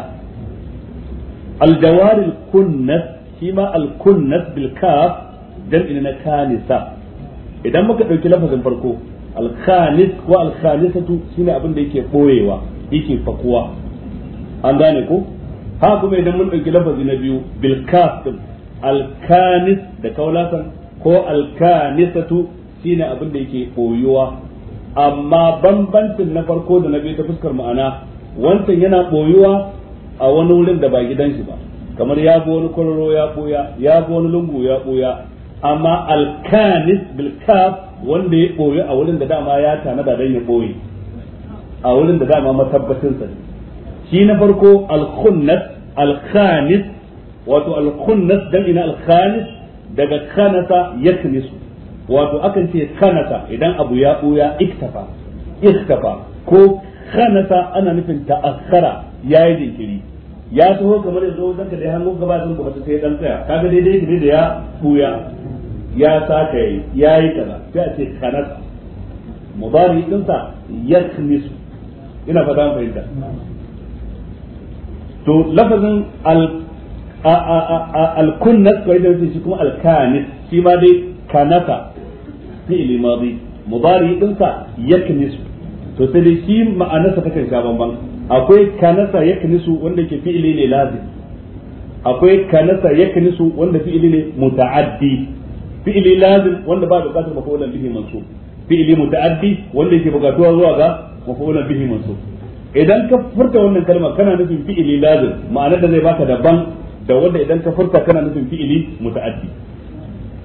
الجوار الكنس فيما الكنس بالكاف jam'i na kanisa idan muka ɗauki lafazin farko al-khalis wa al-khalisatu shine abin da yake boyewa yake fakuwa an gane ko ha kuma idan mun ɗauki lafazi na biyu bil kaf al-kanis da kaulasan ko al-kanisatu shine abin da yake boyuwa amma bambancin na farko da na biyu ta fuskar ma'ana wancan yana boyuwa a wani wurin da ba gidan shi ba kamar ya bi wani kororo ya boya ya bi wani lungu ya boya amma alkanis bilkaf wanda ya ɓoye a wurin da dama ya da dan ya boye a wurin da dama matabbacin sa shi na farko alkhunnas alkhanis wato alkhunnas dan ina alkhanis daga kanasa yaknisu wato akan ce kanasa idan abu ya boya iktafa iktafa ko kanasa ana nufin ta'akhara yayi jinkiri ya taho kamar yanzu zo zan ka dai hannu gaba zan gaba sai dan tsaya kaga daidai ki da ya buya ya saka yi ya yi kaza sai a ce kanat mudari din sa ya kamisu ina fata an fahimta to lafazin al al kunnat ko idan shi kuma al kanis shi ma dai kanata fi'li madi mudari din sa ya kamisu to sai dai shi ma'anarsa take sha bamban akwai kanasa kanisu wanda ke fi'ili ne lazim akwai kanasa kanisu wanda fi'ili ne muta'addi fi'ili lazim wanda ba buƙatar mafulan bihi mansub fi'ili muta'addi wanda yake bukatuwa zuwa ga mafulan bihi mansub idan ka furta wannan kalma kana nufin fi'ili lazim ma'anar da zai baka daban da wanda idan ka furta kana nufin fi'ili muta'addi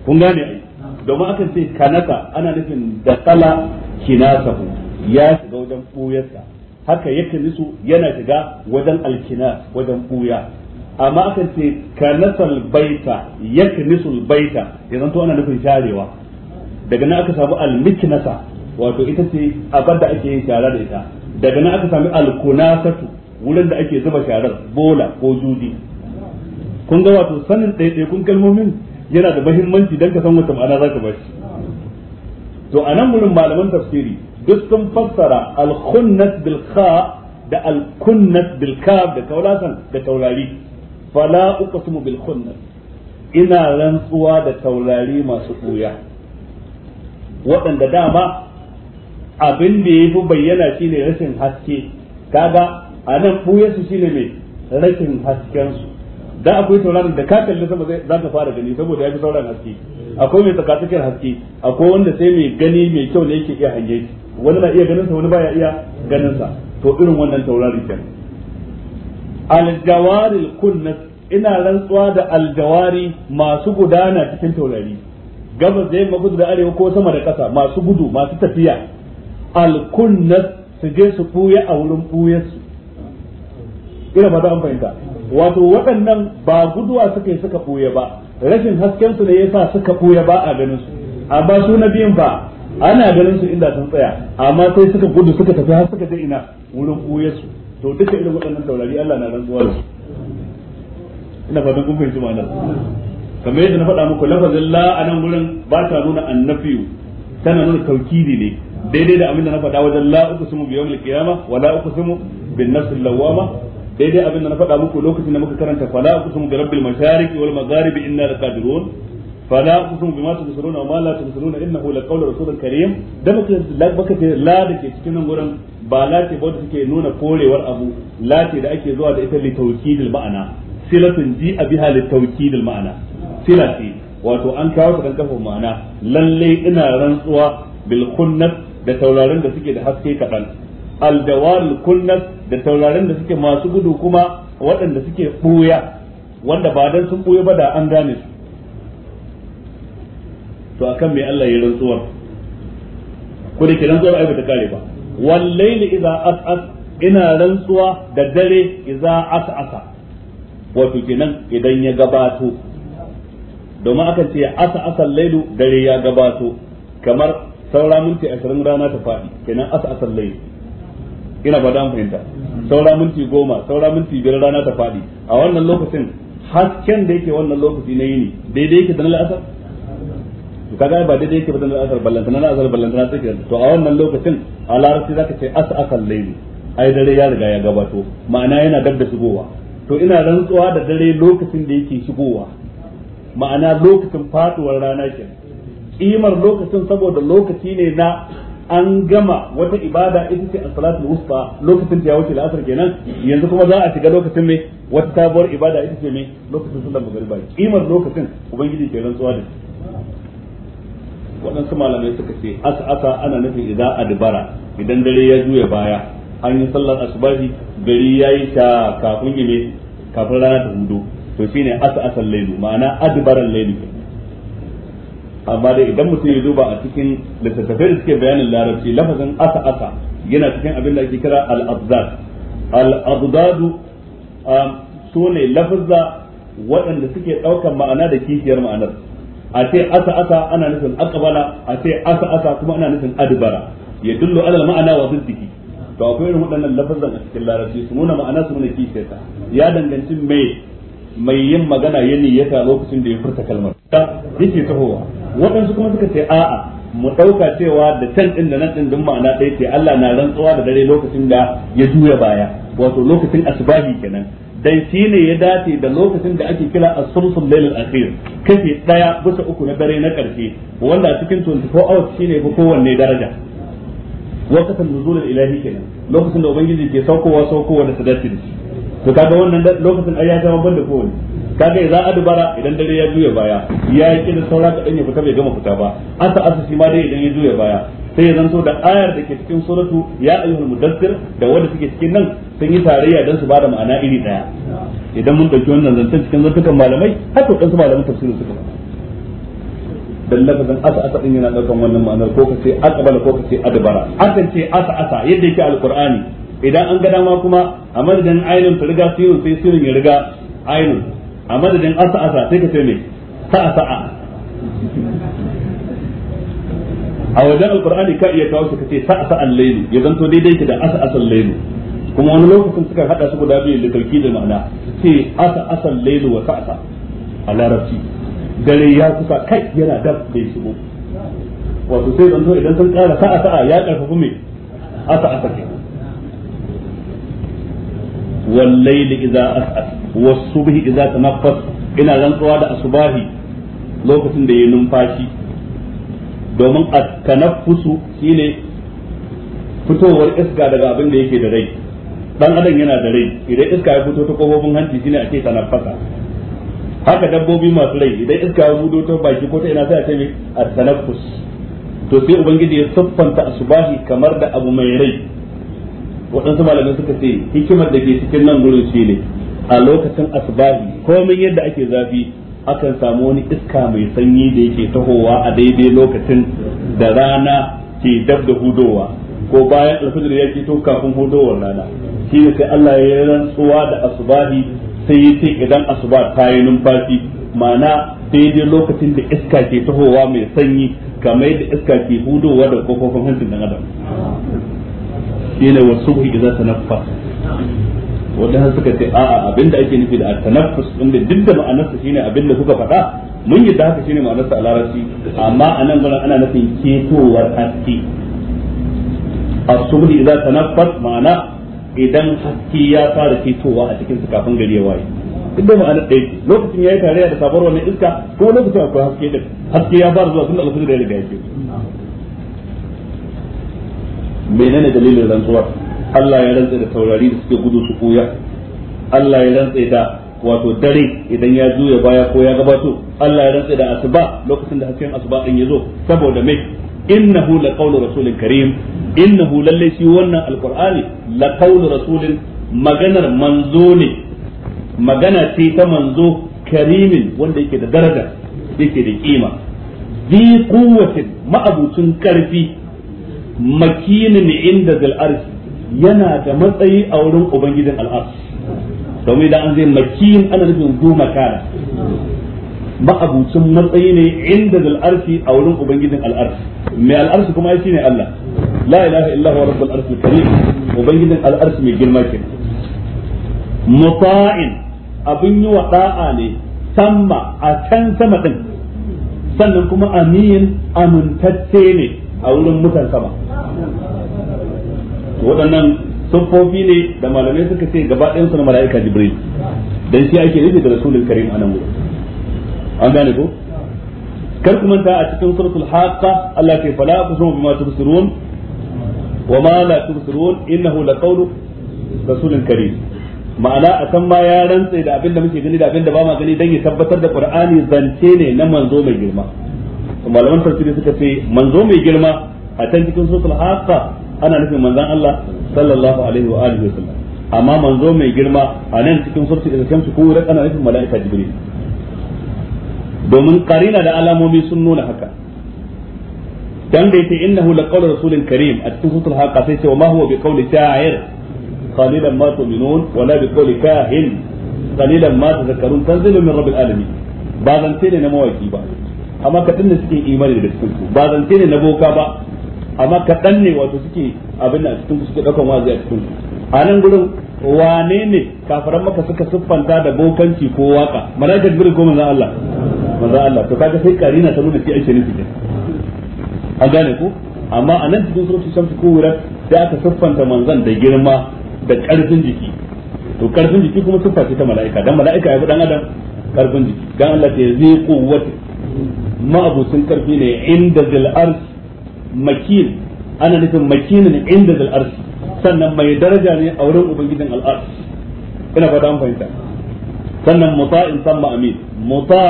kun gane ai domin akan ce kanaka ana nufin da tsala kinasahu ya shiga wajen ɓoyarsa haka yake nisu yana shiga wajen alkina wajen buya amma aka ce kanasal baita misu baita yanzu to ana nufin sharewa daga nan aka samu almiknasa wato ita ce abin da ake yin shara da ita daga nan aka sami alkunasatu wurin da ake zuba sharar bola ko judi kun ga wato sanin kun kalmomin yana da mahimmanci don ka san wata ma'ana za ka bashi to a nan malaman tafsiri duk sun fassara al bilka bil kha da al bil kaf da taulatan da taurari fala uqsimu bil khunnat ina rantsuwa da taurari masu buya. waɗanda dama abin da ya fi bayyana shine rashin haske kaga a nan ɓuya su shine mai rashin su. da akwai tauraron da ka kalli sama za ka fara gani saboda ya fi sauran haske akwai mai tsakatakin haske akwai wanda sai mai gani mai kyau ne yake iya hange shi wani na iya ganin sa wani baya iya ganin sa to irin wannan taurari kenan aljawari kunnas ina rantsuwa da aljawari masu gudana cikin taurari gabas da yamma gudu da arewa ko sama da ƙasa masu gudu masu tafiya alkunnas su je su buya a wurin buyar su. ina ba an fahimta wato waɗannan ba guduwa suka yi suka buya ba rashin hasken su ne yasa suka buya ba a ganin su amma su na biyun ba ana ganin su inda sun tsaya amma sai suka gudu suka tafi har suka je ina wurin ɓuyarsu to duka irin waɗannan taurari Allah na rantsuwa da su ina fatan kun fahimci ma'anar kamar yadda na faɗa muku lafazin la a nan gurin ba ta nuna annafiyu tana nuna taukidi ne daidai da abin da na faɗa wajen la uqsimu bi yawmil qiyamah wa la uqsimu bin nafsil lawama daidai abin da na faɗa muku lokacin da muka karanta fala uqsimu bi rabbil mashariqi wal magharibi inna laqadirun فلا أقسم بما تبصرون وما لا تبصرون إنه لقول رسول كريم da baka ce la ke cikin nan gurin ba la ce suke nuna korewar abu la da ake zuwa da ita li ma'ana silatun ji a biha li da ma'ana sila wato an kawo ta dan kafa ma'ana lalle ina rantsuwa bil kunnat da taurarin da suke da haske kadan al dawar kunnat da taurarin da suke masu gudu kuma waɗanda suke ɓuya wanda ba dan sun ɓuya ba da an gane su to akan me Allah ya rantsuwar ko da ke rantsuwar ai bata kare ba wallaili idza as'as ina rantsuwa da dare idza as'asa wato kenan idan ya gabato domin akan ce as'asal lailu dare ya gabato kamar saura minti 20 rana ta faɗi kenan as'asal lailu ina ba dan fahimta saura minti goma saura minti biyar rana ta faɗi a wannan lokacin hasken da yake wannan lokaci na yini daidai yake da na la'asar kaga ba daidai yake ba da azhar ballantana na ballanta na take da to a wannan lokacin a larabci zaka ce akal layli ai dare ya riga ya gabato ma'ana yana dab shigowa to ina rantsuwa da dare lokacin da yake shigowa ma'ana lokacin faduwar rana ke kimar lokacin saboda lokaci ne na an gama wata ibada ita ce as-salatul wusta lokacin ta ya wuce la'asar kenan yanzu kuma za a shiga lokacin mai wata sabuwar ibada ita ce mai lokacin sallar magriba kimar lokacin ubangiji ke rantsuwa da shi waɗansu malamai suka ce asa asa ana nufin idan adbara idan dare ya juya baya an yi sallar asubahi gari ya yi ta kafin yi kafin rana ta hudu to shine asa asa lailu ma'ana adbaran lailu amma dai idan mutum ya duba a cikin littattafai da suke bayanin larabci lafazin asa asa yana cikin abin da ake kira al-abdad al ah, lafazza waɗanda suke ɗaukar ma'ana da kishiyar ma'anar a ce asa asa ana nufin akabala a ce asa asa kuma ana nufin adbara ya ala al-ma'ana wa zuddiki to akwai irin waɗannan lafazan a cikin larabci su nuna ma'ana su nuna kishiyarta ya danganci mai mai yin magana ya niyyata lokacin da ya furta kalmar ta yake tahowa waɗansu kuma suka ce a'a mu ɗauka cewa da can ɗin da nan ɗin duk ma'ana ɗaya ce Allah na rantsuwa da dare lokacin da ya juya baya wato lokacin asibahi kenan dan shine ya dace da lokacin da ake kira as-sulsul al akhir kafi daya bisa uku na dare na karshe wanda a cikin 24 hours shine ba kowanne daraja lokacin nuzul ilahi kenan lokacin da ubangiji ke saukowa saukowa da sadati to kaga wannan lokacin ayya ya ta ban da kowanne kaga idza adbara idan dare ya juya baya ya yi da saura dan ya fita bai gama fita ba asa asa shi ma dai idan ya juya baya sai ya zanto da ayar da ke cikin suratu ya ayyuhal mudassir da wanda suke cikin nan sun yi tarayya dan su bada ma'ana iri daya idan mun dauki wannan zancen cikin zantukan malamai har to kansu malaman tafsiri suka ba dan lafazin asa asa din yana daukan wannan ma'anar ko kace aqbala ko kace adbara akan ce asa asa yadda yake alqur'ani idan an ga dama kuma a madadin ainin ta riga sirrin sai sirrin ya riga ainin a madadin asa asa sai ka ce me sa'a sa'a a wajen alkur'ani ka iya kawo su kace sa'sa al-layl ya zanto daidai ki da asa al-layl kuma wani lokacin suka hada su guda biyu da tauki da ma'ana ce asa asal lailu wa sa'sa a larabci dare ya kusa kai yana dab da ya shigo wato sai zanto idan sun kara sa'a sa'a ya karfafa mai asa asa ke wal laili idza as'as was subhi idza tanaffas ina rantsuwa da asubahi lokacin da yayi numfashi domin a tanaffusu shine fitowar iska daga abin da yake da rai dan adam yana da rai idan iska ya fito ta kofofin hanci shine ake tanaffasa haka dabbobi masu rai idan iska ya fito ta baki ko ta ina sai a ce a tanaffus to sai ubangiji ya siffanta asubahi kamar da abu mai rai waɗansu malamai suka ce hikimar da ke cikin nan gurin shine a lokacin asubahi komai yadda ake zafi akan samu wani iska mai sanyi da yake tahowa a daidai lokacin da rana ke dab da hudowa ko bayan alfajir ya fito kafin hudowar rana shi ne sai Allah ya yi rantsuwa da asubahi sai ya ce idan asuba ta yi numfashi ma'ana daidai lokacin da iska ke tahowa mai sanyi kamar yadda iska ke hudowa da kofofin hancin dan adam shi ne wasu wadanda suka ce a'a abinda ake nufi da tanaffus inda duk da ma'anarsa shine abinda suka faɗa mun yi da haka shine ma'anarsa a larabci amma a nan gurin ana nufin ketowar haske asubhi idan tanaffus ma'ana idan haske ya fara ketowa a cikin kafin gari ya waye duk da ma'anar ɗaya ce lokacin yayi tarayya da sabuwar wannan iska ko lokacin akwai haske din haske ya fara zuwa tun da da ya riga ya ce menene dalilin rantsuwar Allah ya rantsa da taurari da suke gudu su koya Allah ya rantsa da wato dare idan ya juya baya ko ya gabato Allah ya rantsa da asuba lokacin da hasken asuba din ya zo saboda mai innahu laqawlu rasulin karim innahu lalle shi wannan alqur'ani laqawlu rasulin maganar manzo ne magana ce ta manzo karimin wanda yake da daraja yake da kima bi quwwatin ma'abucin karfi makinin inda zal arshi yana da matsayi a wurin ubangijin al'arsh domin idan an zai makiyin ana nufin zu makana ma'abucin matsayi ne inda al'arshi a wurin ubangijin al'arshi mai al'arshi kuma shi ne Allah la ilaha illa huwa rabbul arshi karim ubangijin al'arshi mai girma ke muta'in abin yi wa da'a ne samma a can sama din sannan kuma amin amintacce ne a wurin mutan sama to waɗannan siffofi ne da malamai suka ce gaba ɗayan su na mala'ika jibril dan shi ake nufi da rasulul karim anan gurin an gane ko kar ku manta a cikin suratul haqqa Allah ke fala bima tubsirun wa ma la tubsirun innahu laqawlu rasulul karim ma'ana a san ma ya da abin da muke gani da abin da ba ma gani dan ya tabbatar da qur'ani zance ne na manzo mai girma malaman tafsiri suka ce manzo mai girma a can cikin suratul haqqa ana nufin manzan Allah sallallahu alaihi wa alihi wasallam amma manzo mai girma a nan cikin surtu da kamsu ko da ana nufin mala'ika jibril domin karina da alamomi sun nuna haka dan da yake innahu laqawlu rasulin karim a cikin surtul haqa sai ce wa ma huwa biqawli sha'ir qalilan ma tu'minun wa la biqawli kahin qalilan ma tadhakkarun tanzilu min rabbil alamin ba zance ne na mawaki ba amma kadan da suke imani da cikin su ba zance ne na boka ba amma kaɗan ne wato suke abin a cikin suke ɗaukan wazi a cikin a nan gurin wane ne kafaran maka suka siffanta da bokanci ko waka malaikar jibril ko manzon Allah manzon Allah to kaga sai karina ta nuna shi ake nufi ne A gane ko amma a nan cikin surutu shamsu ko wurat sai aka siffanta manzon da girma da ƙarfin jiki to ƙarfin jiki kuma siffa ce ta mala'ika dan mala'ika ya fi dan adam ƙarfin jiki dan Allah ta yi zai kuwwata ma'abucin ƙarfi ne inda zil arsh makin ana nufin makinin inda zal arsh sannan mai daraja ne a wurin ubangijin al arsh ina fata an fahimta sannan muta'in samma amin muta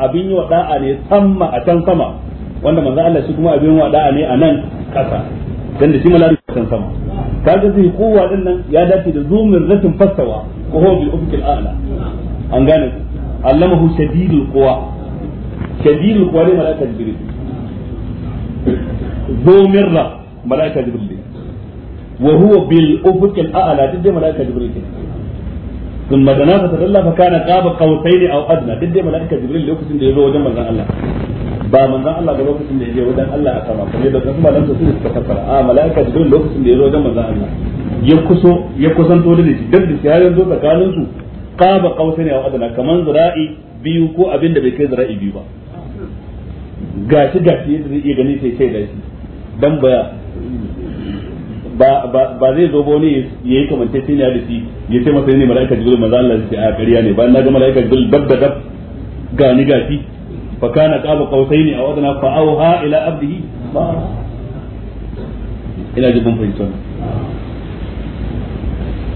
abin yi wa da'a ne samma a can sama wanda manzo Allah shi kuma abin wa da'a ne a nan kasa dan da shi a can sama kaga zai kowa din nan ya dace da zumin ratin fassawa ko huwa bil ufqil a'la an gane allamahu shadidul quwa shadidul quwa ne malaika jibril zo mirra malaika jibril wa huwa bil ufuq al a'la duk dai malaika jibril ke thumma dana fa tadalla fa kana qaba qawsayn aw adna duk dai malaika jibril lokacin da yazo wajen manzon Allah ba manzon Allah ga lokacin da ya wajen Allah a sama kuma da kuma dan su suka tafara a malaika jibril lokacin da yazo wajen manzon Allah ya kuso ya kusanto da shi duk da shi har yanzu tsakanin su qaba qawsayn aw adna kaman zura'i biyu ko abin da bai kai zura'i biyu ba gashi gashi yadda zai iya gani sai sai da shi dan ba ba zai zo yayi kamance sai ya dace ya ce masa ne malaika jibril manzo Allah sai a ƙarya ne bayan na ga malaika jibril dab da dab gani gashi fa kana qausaini aw adna fa auha ila abdihi ina jibin fahimtar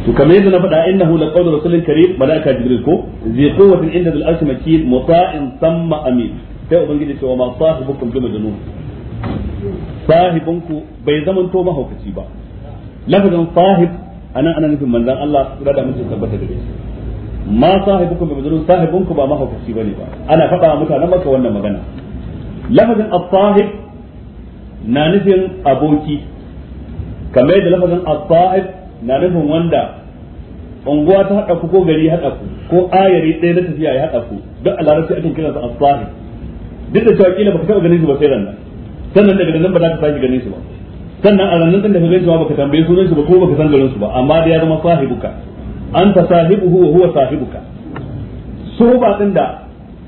to kamar yadda na faɗa innahu la qawlu karim malaika jibril ko zai quwwatin inda al-arshi makin muta'in amin sai ubangiji ce wa ma sahibukum bi majnun sahibunku bai mahaukaci ba lafazin sahib anan ana nufin manzon Allah da da mutum tabbata da shi ma sahibukum bi sahibunku ba mahaukaci bane ba ana faɗa mutanen maka wannan magana lafazin as-sahib na nufin aboki kamar yadda lafazin as-sahib na nufin wanda unguwa ta haɗa ku ko gari haɗa ku ko ayari ɗaya na tafiya ya haɗa ku duk a larabci akan kiransa as-sahib duk da cewa kila baka taba ganin shi ba sai nan sannan daga nan ba za ka sake ganin shi ba sannan a nan da ka ganin ba baka tambaye sunan shi ba ko baka san garin su ba amma da ya zama sahibuka anta sahibuhu wa huwa sahibuka suhuba din da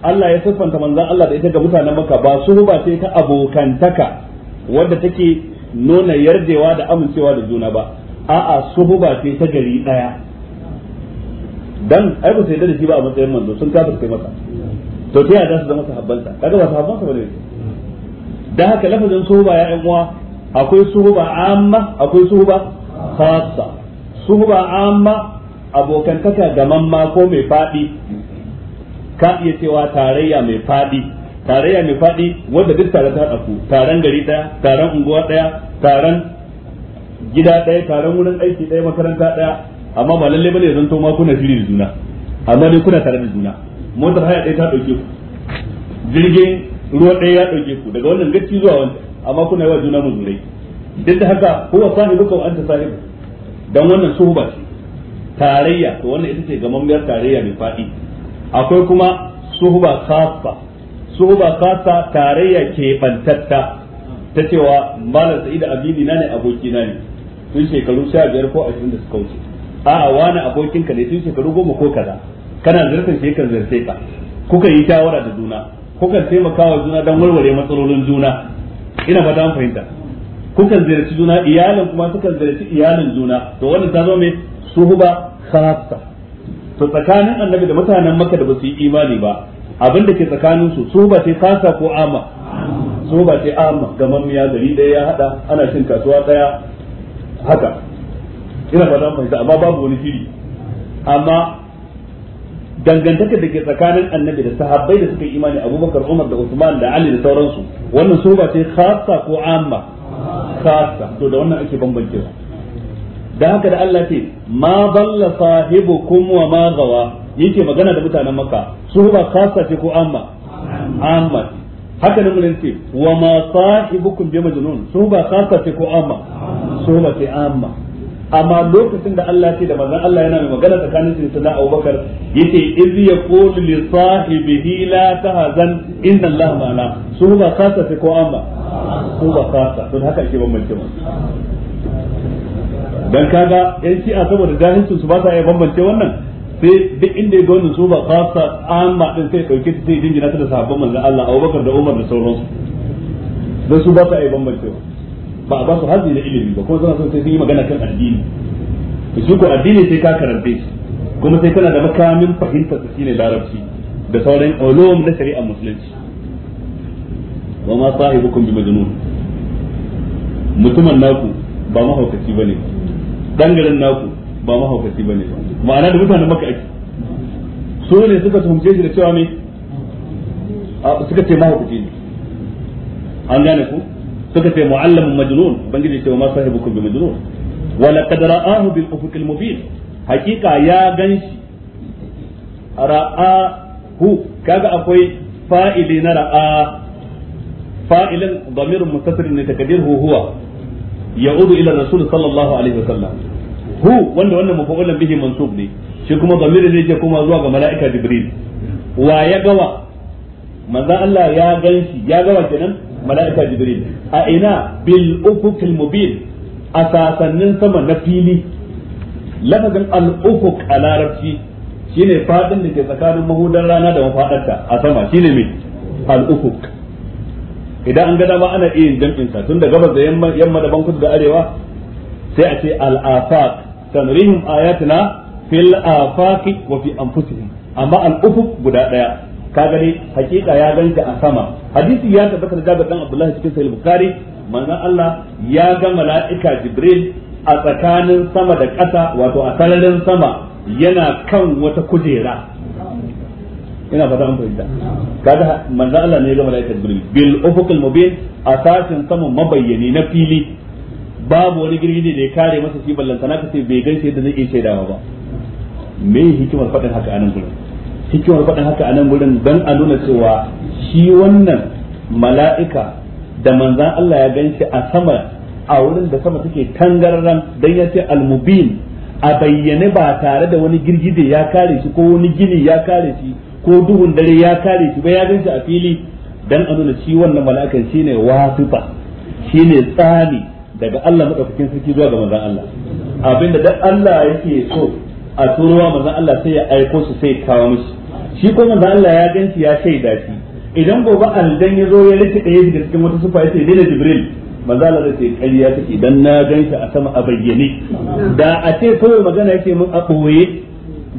Allah ya siffanta manzon Allah da ita ga mutanen Makka ba suhuba ce ta abokantaka wadda take nuna yarjewa da amincewa da juna ba a'a suhuba ce ta gari daya dan ai ba sai da shi ba a matsayin manzo sun kafirce masa to ta yaya za su zama sahabbansa kaga ba sahabbansa bane da haka lafazin suhuba ya uwa akwai suhuba amma akwai suhuba khassa suhuba amma abokantaka ga mamma ko mai fadi ka iya cewa tarayya mai fadi tarayya mai fadi wanda duk tare ta ku taron gari ɗaya taron unguwa daya taron gida daya taron wurin aiki daya makaranta daya amma ba lalle bane ya zanto ma kuna shiri da juna amma dai kuna tare da juna motar haya ɗaya ta ɗauke ku jirgin ruwa ɗaya ya ɗauke ku daga wannan gaci zuwa wanda amma kuna yawa juna muzurai duk da haka huwa sahibukum anta sahibu dan wannan suhuba ce tarayya to wannan ita ce gamammiyar tarayya mai faɗi akwai kuma suhuba khassa suhuba kasa tarayya ke bantatta ta cewa malam sa'ida abini na ne aboki na ne tun shekaru sha biyar ko ashirin da suka wuce a'a wani abokin ka ne tun shekaru goma ko kaza kana zartar shi kan zarce ka kuka yi shawara da juna kuka taimakawa juna don warware matsalolin juna ina ba an fahimta kukan ziyarci juna iyalin kuma sukan ziyarci iyalin juna to wannan ta zo mai suhuba khassa to tsakanin annabi da mutanen makka da basu yi imani ba abin da ke tsakanin su suhuba sai khassa ko amma suhuba sai amma gaman miya gari daya ya hada ana cin kasuwa daya haka ina fata fahimta amma babu wani shiri amma dangantakar da ke tsakanin annabi da sahabbai da suka yi imani abubakar umar da usman da ali da sauransu wannan su ba sai khassa ko amma khassa to da wannan ake bambance su da haka da Allah ce ma balla sahibukum wa ma gawa yake magana da mutanen maka. su ba khassa ce ko amma amma haka nan mun ce wa ma sahibukum bi majnun su ba khassa ce ko amma su ba sai amma amma lokacin da Allah ce da manzon Allah yana mai magana tsakanin shi da Abubakar yace iz yaqulu li sahibihi la tahzan inna Allah ma'ana su ba kasa sai ko amma su ba kasa Don haka ake bambance mu dan kaga yan a saboda jahilcin su ba sa iya bambance wannan sai duk inda ya ga wannan su ba kasa amma din sai dauke ta sai jingina ta da sahabban manzon Allah Bakar da Umar da sauransu dan su ba sa iya bambance ba a ba su hazi da ilimi ba kuma suna son sai sun yi magana kan addini to shi ko addini sai ka karanta shi kuma sai kana da makamin fahimtar su shine larabci da sauran ulum na shari'a musulunci wa ma sahibukum bi majnun mutumin naku ba mahaukaci bane dangaren naku ba mahaukaci bane ma'ana da mutanen maka ake su ne suka tuhumce shi da cewa me suka ce mahaukaci ne an gane ku suka ce mu'allamun majnun ubangiji ce wa ma sahibukum bi majnun wa laqad ra'ahu bil ufuq al mubin hakika ya ganshi ra'ahu kaga akwai fa'ili na ra'a fa'ilin damirun mutasarrin ne takdirhu huwa ya'udu ila rasul sallallahu alaihi wa wasallam hu wanda wannan mafa'ulan bihi mansub ne shi kuma damirin ne ke kuma zuwa ga mala'ika jibril wa ya gawa manzo Allah ya ganshi ya gawa kenan mala'ika jibril a ina bil ufuqil mubin a sasannin sama na fili lafazin al ufuq a larabci shine fadin da ke tsakanin mahudan rana da mafadarta a sama shine me al ufuq idan an ga dama ana iya yin jam'in sa tun da gabas da yamma yamma da bankus da arewa sai a ce al afaq tanrihim ayatina fil afaqi wa fi anfusihim amma al ufuq guda daya ka gani hakika ya ganta a sama hadisi ya tabbata da Jabir dan Abdullah cikin sahih Bukhari manzon Allah ya ga mala'ika Jibril a tsakanin sama da ƙasa wato a sararin sama yana kan wata kujera ina fata an fahimta kaga manzon Allah ne ya ga mala'ika Jibril bil ufuqil mubin a sashin sama mabayyani na fili babu wani girgije da ya kare masa shi ballantana kace bai gaishe da zai iya shaidawa ba me hikimar faɗin haka anan gurin hikimar faɗin haka a nan wurin don a nuna cewa shi wannan mala'ika da manzan Allah ya gan shi a sama a wurin da sama take tangarran don ya ce almubin a bayyane ba tare da wani girgide ya kare shi ko wani gini ya kare shi ko duhun dare ya kare shi ba ya gan shi a fili dan a nuna shi wannan mala'ikan shine shi shine tsani daga Allah sarki zuwa ga manzan Allah abinda da Allah yake so a turowa manzan Allah sai ya aiko su sai kawo mishi shi ko manzo Allah ya ganci ya shaida shi idan gobe aljan ya zo ya rike da yake cikin wata sufa yace ni da jibril manzo Allah zai ce ƙarya take dan na ganci a sama a bayyane da a ce kawai magana yake mun a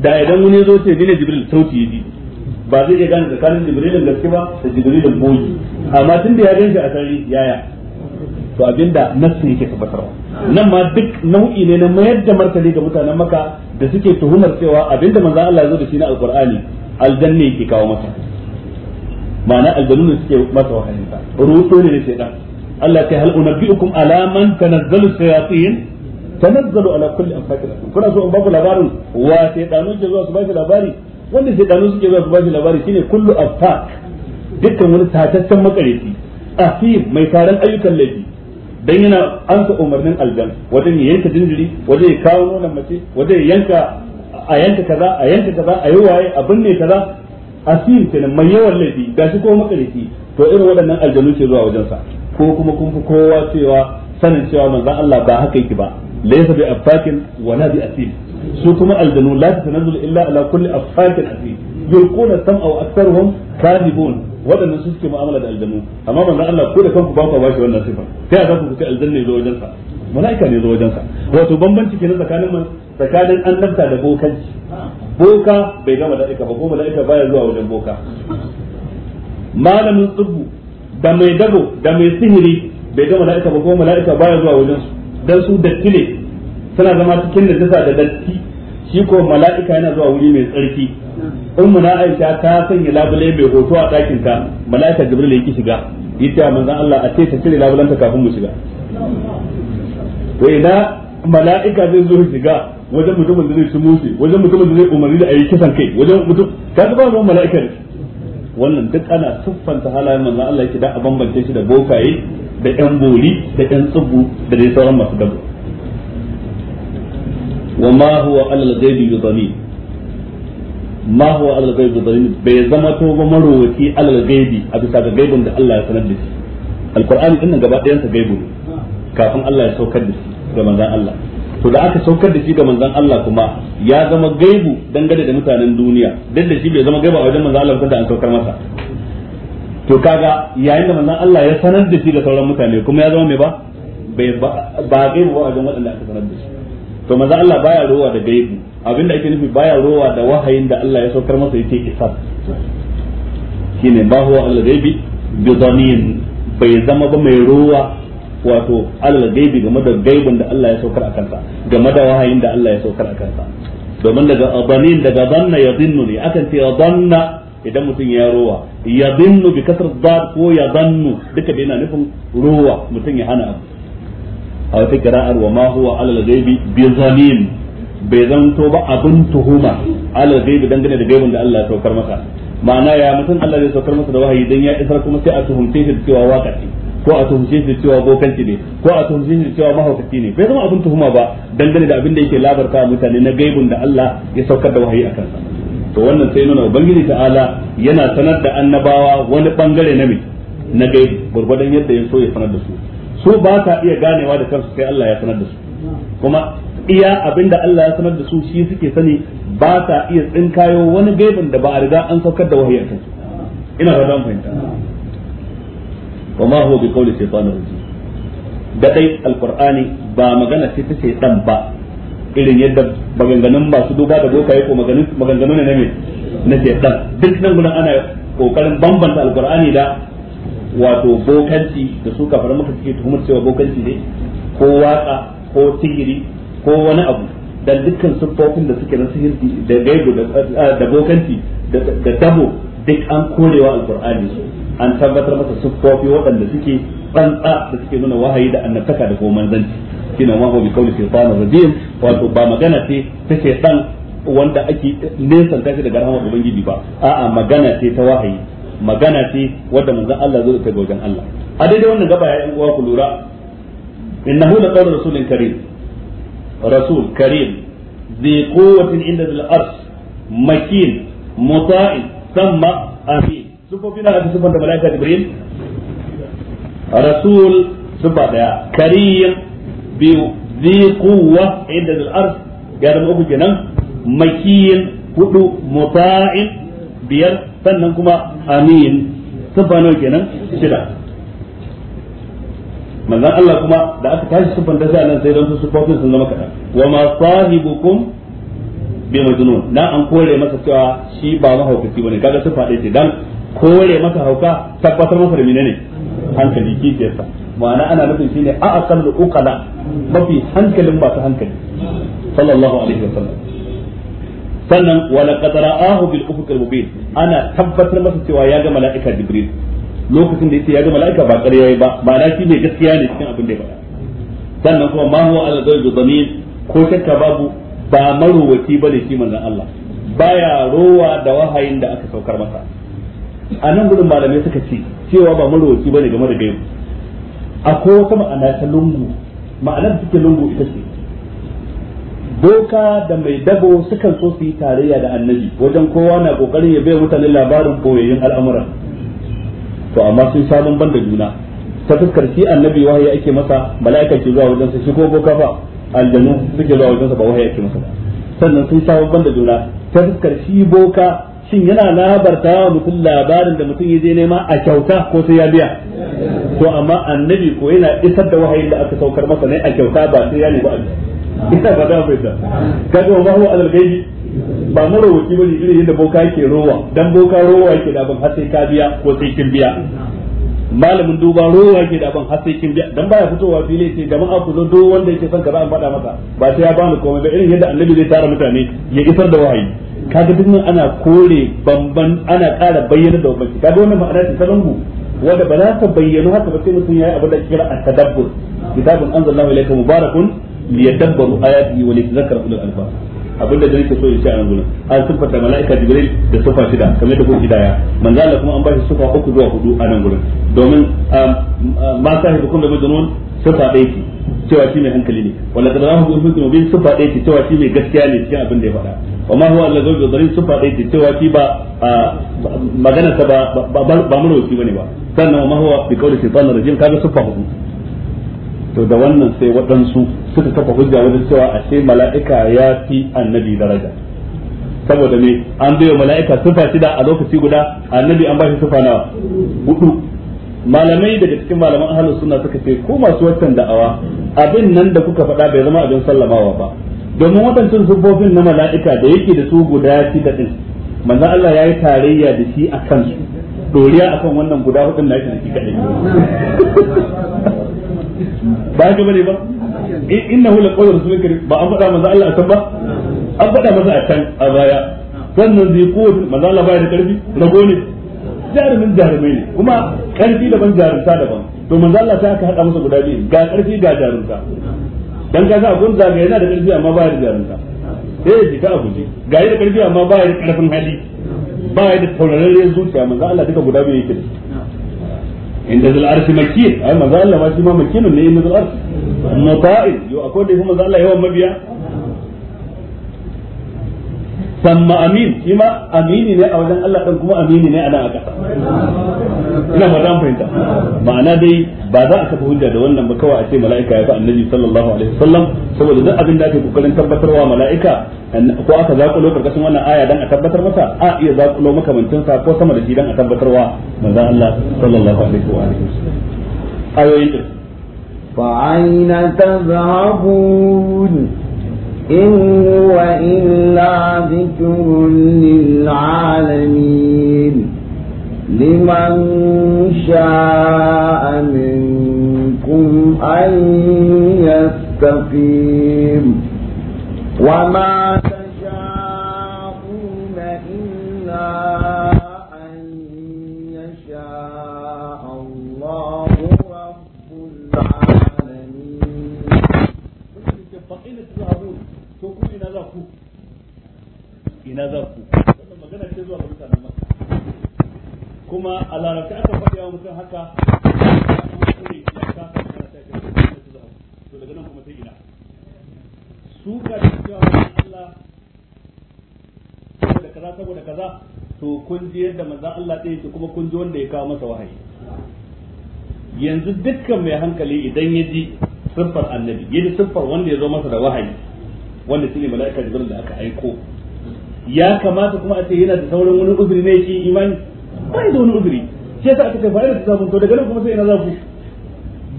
da idan wani zo ce da jibril sauki yaji ba zai iya gane tsakanin jibrilin gaske ba da jibrilin boyi amma tun da ya ganci a sarari yaya to abinda nassin yake tabbatarwa nan ma duk nau'i ne na mayar da martani ga mutanen maka da suke tuhumar cewa abinda manzo Allah ya zo da shi na alqur'ani aljanna yake kawo masa ma'ana aljannu ne suke masa wahayin ta rudo ne sai dan Allah ta hal unabbiukum ala man tanazzalu shayatin tanazzalu ala kulli afakin kuna so in ba ku labarin wa d'a ke zuwa su ba shi labari wanda d'a suke zuwa su ba shi labari shine kullu afak dukkan wani tataccen makareci afif mai taron ayyukan laifi dan yana an umarnin aljan wajen ya yanka jinjiri wajen ya kawo nonon mace wajen ya yanka a yanka kaza a yanka kaza a yi waye a binne kaza asirin kenan mai yawan laifi gashi ko makarici to irin waɗannan aljanu ce zuwa wajen sa ko kuma kun fi kowa cewa sanin cewa manzon Allah ba haka yake ba laysa bi affakin wala bi su kuma aljanu la tanzul illa ala kulli affakin asim yulquna sam'a wa aktharuhum kadibun waɗannan su suke mu'amala da aljanu amma manzo Allah ko da kanku ba ku ba shi wannan sifa kai a zaku ku ce aljanna ne zo wajen sa mala'ika ne zo wajen sa wato bambanci kenan tsakanin man tsakanin annabta da bokanci boka bai ga mala'ika ba ko mala'ika baya zuwa wajen boka malamin tsubbu da mai dago da mai sihiri bai ga mala'ika ba ko mala'ika baya zuwa wajen su dan su datti ne suna zama cikin najasa da datti shi ko mala'ika yana zuwa wuri mai tsarki ummu na aisha ta sanya labule mai hoto a ɗakin ta mala'ika jibril yake shiga yace manzon Allah a ce ta cire ta kafin mu shiga to ina mala'ika zai zo shiga wajen mutumin da zai ci musu wajen mutumin da zai umarni da ayi kisan kai wajen mutum ka ga ba mala'ika ne wannan duk ana siffanta halayen manzon Allah yake da a bambance shi da bokaye da yan boli da yan tsubu da dai sauran masu dabbobi وما هو على الغيب بضنين ما هو على الغيب بضنين بيزما تو مروتي على الغيب أبي ساق غيب ده الله يسند القرآن إنه قبع ينسى غيب كافن الله يسوكد لك كما ذا الله to da aka saukar da shi ga manzon Allah kuma ya zama gaibu dangane da mutanen duniya dan da shi bai zama gaiba a wajen manzon Allah da an saukar masa to kaga yayin da manzon Allah ya sanar da shi da sauran mutane kuma ya zama mai ba bai ba gaibu ba a wajen waɗanda aka sanar da shi to maza Allah baya rowa da gaibu abinda ake nufi baya rowa da wahayin da Allah ya saukar masa yake isar. shine ba huwa Allah gaibi bi dhanin bai zama ba mai rowa wato Allah gaibi game da gaibin da Allah ya saukar a kansa game da wahayin da Allah ya saukar a kansa domin daga dhanin daga ya yadhinnu ne akan ce dhanna idan mutum ya rowa yadhinnu bi kasar dhad ko ya yadhannu duka da yana nufin rowa mutum ya hana abu a wata kira'ar wa ma huwa alal ghaibi bi zalim bai zanto ba abin tuhuma alal ghaibi dangane da gaibin da Allah ya saukar masa ma'ana ya mutum Allah zai saukar masa da wahayi dan ya isar kuma sai a tuhumce shi cewa wakati ko a tuhumce shi cewa bokanci ne ko a tuhumce shi cewa mahaukaci ne bai zama abin tuhuma ba dangane da abin da yake labarta mutane na gaibin da Allah ya saukar da wahayi akan sa to wannan sai nuna ubangiji ta'ala yana sanar da annabawa wani bangare na mai na gaibi gurgurdan yadda ya so ya sanar da su su ba sa iya ganewa da kansu sai Allah ya sanar da su kuma iya abinda Allah ya sanar da su shi suke sani ba sa iya tsinkayo wani gaibin da ba a riga an saukar da wahayi kansu ina ga dan fahimta kuma huwa bi qawli shaytan rajim da dai alqur'ani ba magana ce ta shaytan ba irin yadda maganganun masu duba da bokaye ko maganganun ne na me na shaytan duk nan gudan ana kokarin bambanta alqur'ani da wato bokanci da su kafar maka suke tuhumar cewa bokanci ne ko waka ko sihiri ko wani abu da dukkan siffofin da suke na sihiri da gaibu da eh, bokanci da dabo duk an korewa alkur'ani su an tabbatar masa siffofi waɗanda suke tsantsa da suke nuna wahayi da annabtaka da kuma manzanci kina wahayi bi kauli shaytanir rajim wato ba magana ce ta shaytan wanda ake Nesa, shi daga rahama ubangiji ba a'a magana ce ta wahayi magana ce wadda manzon Allah zo ta gogan Allah a daidai wannan gaba ya uwa ku lura innahu la qawlu rasulin karim rasul karim hudu muta'in biyar sannan kuma amin siffa nawa kenan shida manzon Allah kuma da aka tashi siffan da sai nan sai don su siffofin sun zama kaɗan wa ma sahibukum bi majnun na an kore masa cewa shi ba mahaukaci bane kaga siffa ɗaya ce dan kore masa hauka tabbatar masa da menene hankali kifiyarsa ma'ana ana nufin shine a aqallu uqala mafi hankalin ba su hankali sallallahu alaihi wasallam sannan wala qad ahu bil ufuq al mubin ana tabbatar masa cewa ya ga mala'ika jibril lokacin da yace ya ga mala'ika ba ƙarya yayi ba ma'ana shi ne gaskiya ne cikin abin da ya faɗa sannan kuma ma huwa al ghaibu dhamir ko shakka babu ba marowaci bane shi manzon Allah baya rowa da wahayin da aka saukar masa a nan gudun malamai suka ce cewa ba marowaci bane game da gaibu akwai wata ma'ana ta lungu ma'anar take lungu ita ce boka da mai dago sukan so su yi tarayya da annabi wajen kowa na kokarin ya bai mutane labarin koyayyun al'amura to amma sun samun ban da juna ta fuskar shi annabi wahayi ake masa mala'ika ke zuwa wajen sa shi ko boka fa aljanu suke zuwa wajen sa ba wahayi ake masa sannan sun samun ban da juna ta fuskar shi boka shin yana labarta wa mutum labarin da mutum ya je nema a kyauta ko sai ya biya to amma annabi ko yana isar da wahayin da aka saukar masa ne a kyauta ba sai ya nemi a ina ba da bai da kaga ba huwa al gaibi ba marowaci bane irin yadda boka yake rowa dan boka rowa yake da ban hasai kabiya ka biya ko sai kin biya malamin duba rowa yake da ban hasai kimbiya. kin biya dan baya fitowa fili sai jama'a ku zo duk wanda yake son kaza an faɗa masa ba sai ya bani komai ba irin yadda annabi zai tara mutane ya isar da wahayi kaga duk ana kore bamban ana ƙara bayyana da wani kaga wannan ma'ana ce ta lungu wanda ba za ka bayyana haka ba sai mutum yayi abin da kira at-tadabbur kitabun anzalallahu ilayka mubarakun li ayati wa litadhakkara ulul albab abinda da nake so in ce a nan an sifata mala'ika jibril da sifa shida kamar da kuke daya manzo Allah kuma an ba shi sifa uku zuwa hudu a nan gurin domin ma sahibu kullu majnun sifa ɗaya ce cewa shi mai hankali ne wala kada rahu bi hukum bi sifa ɗaya ce cewa shi mai gaskiya ne cikin abin da ya faɗa wa ma huwa allazi bi dharin sifa ɗaya ce cewa shi ba magana ta ba ba murwaci bane ba sannan wa ma huwa bi qawli shaytanir rajim kaga sifa hudu to da wannan sai waɗansu suka kafa hujja wajen cewa ce mala'ika ya fi annabi daraja saboda me an bai mala'ika sufa shida a lokaci guda annabi an ba shi sufa nawa hudu malamai daga cikin malaman ahlus sunna suka ce ko masu watan da'awa abin nan da kuka faɗa bai zama abin sallamawa ba domin waɗancan sufofin na mala'ika da yake da su guda shida din manzo Allah ya yi tarayya da shi a doriya akan wannan guda hudun na yake kadai ba haka bane ba innahu laqawlu rasulil karim ba an faɗa manzo Allah a ba an faɗa masa a can a baya sannan zai kowace manzo Allah baya da karfi rago ne jarumin jarumai ne kuma karfi daban jarumta daban to manzo Allah ta aka haɗa masa guda biyu ga karfi ga jarumta dan ka sa abun zaga yana da karfi amma baya da jarumta sai ya jika abuje ga yana da karfi amma baya da karfin hali baya da taurarren zuciya manzo Allah duka guda biyu yake inda zal arshi makin ai manzo Allah ma shi ma makinun ne inda zal arshi muta'in yo akwai da manzo Allah yawan mabiya samma amin shi ma amini ne a wajen Allah ɗan kuma amini ne a nan a ƙasa ina ba dan fahimta ma'ana dai ba za a tafi hujja da wannan ba kawai a ce mala'ika ya fi annabi sallallahu alaihi wasallam saboda duk abin da ake kokarin tabbatarwa mala'ika ko aka zakulo karkashin wannan aya dan a tabbatar masa a iya zakulo makamancin sa ko sama da shi dan a tabbatarwa manzon Allah sallallahu alaihi wa alihi wasallam ayoyin fa aina tazhabun إن هو إلا ذكر للعالمين لمن شاء منكم أن يستقيم وما ina za ku wannan magana ce zuwa ga mutanen kuma a larabci aka faɗi wa mutum haka kuma da cewa Allah saboda kaza saboda kaza to kun ji yadda Allah ɗaya kuma kun ji wanda ya kawo masa wahayi yanzu dukkan mai hankali idan ya ji siffar annabi ya ji siffar wanda ya zo masa da wahayi wanda shine mala'ika jibril da aka aiko ya kamata kuma a ce yana da sauran wani uzuri ne shi imani bai da wani uzuri shi yasa aka kai fa'ida ta to daga nan kuma sai ina za ku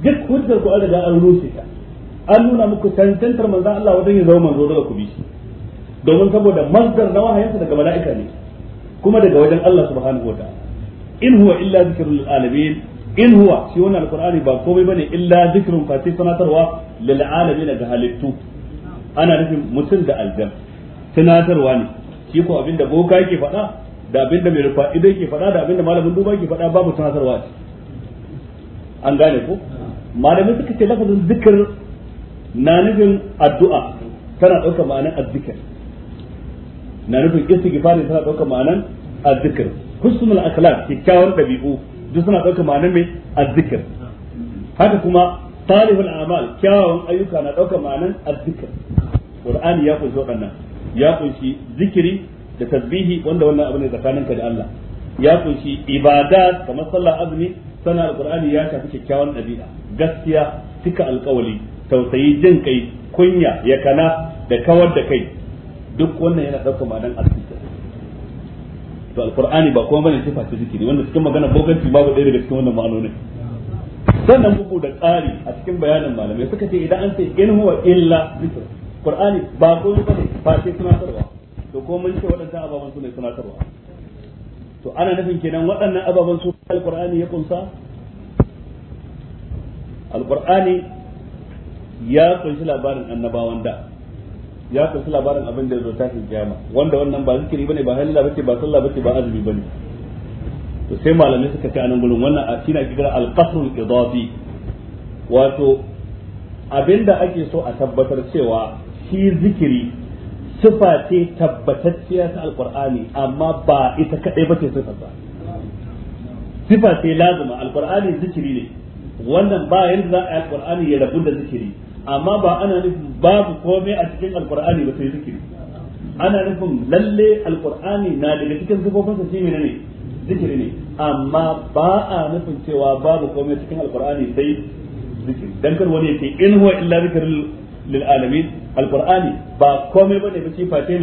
duk hujjar ku an riga an rushe ta an nuna muku tantantar manzo Allah wajen ya zama manzo daga ku bi shi domin saboda masdar na wahayinsa daga mala'ika ne kuma daga wajen Allah subhanahu wa in huwa illa zikrul alamin in huwa shi wannan alqur'ani ba komai bane illa zikrun fa sanatarwa lil alamin ga halittu ana nufin mutum da aljan sanatarwa ne shi ko da boka yake faɗa da da mai rufa ido yake faɗa da da malamin duba yake faɗa babu tunasarwa an gane ko malamin suka ce lafazin zikir na nufin addu'a tana ɗaukar ma'anar azzikir na nufin istighfar tana ɗaukar ma'anar azzikir husnul akhlaq kikkiawar dabi'u duk suna ɗaukar ma'anar mai azzikir haka kuma talibul a'mal kyawun ayyuka na ɗaukar ma'anar azzikir qur'ani ya kunshi waɗannan ya kunshi zikiri da tasbihi wanda wannan abu ne tsakaninka da Allah ya kunshi ibada kamar sallah azumi sana alqur'ani ya tafi kyakkyawan dabi'a gaskiya cika alƙawali tausayi jin kai kunya ya kana da kawar da kai duk wannan yana ɗaukar ma'anar asibiti to alqur'ani ba kuma bane sifa ta zikiri wanda cikin magana boganci babu ɗaya daga cikin wannan ma'anonin sannan bugu da tsari a cikin bayanin malamai suka ce idan an ce in huwa illa zikr qur'ani ba ko ba ne ba sai tunatarwa to ko mun ce waɗannan ababan su ne tunatarwa to ana nufin kenan waɗannan ababan su alqur'ani ya kunsa alqur'ani ya kunshi labarin annabawan da ya kunshi labarin abin da ya zo tashin kiyama wanda wannan ba zikiri bane ba halila bace ba sallah bace ba azumi bane to sai malamai suka ce anan gurin wannan a al idafi wato abinda ake so a tabbatar cewa shi zikiri sifa ce tabbatacciya ta alqur'ani amma ba ita kadai ba ce sifa ba sifa ce lazima alqur'ani zikiri ne wannan ba yanzu za a yi alqur'ani ya rabu da zikiri amma ba ana nufin babu komai a cikin alqur'ani ba sai zikiri ana nufin lalle alqur'ani na daga cikin sifofinsa shi ne zikiri ne amma ba a nufin cewa babu komai cikin alqur'ani sai zikiri dan kar wani yake in huwa illa zikrul lil alamin alqur'ani ba komai bane ba ci face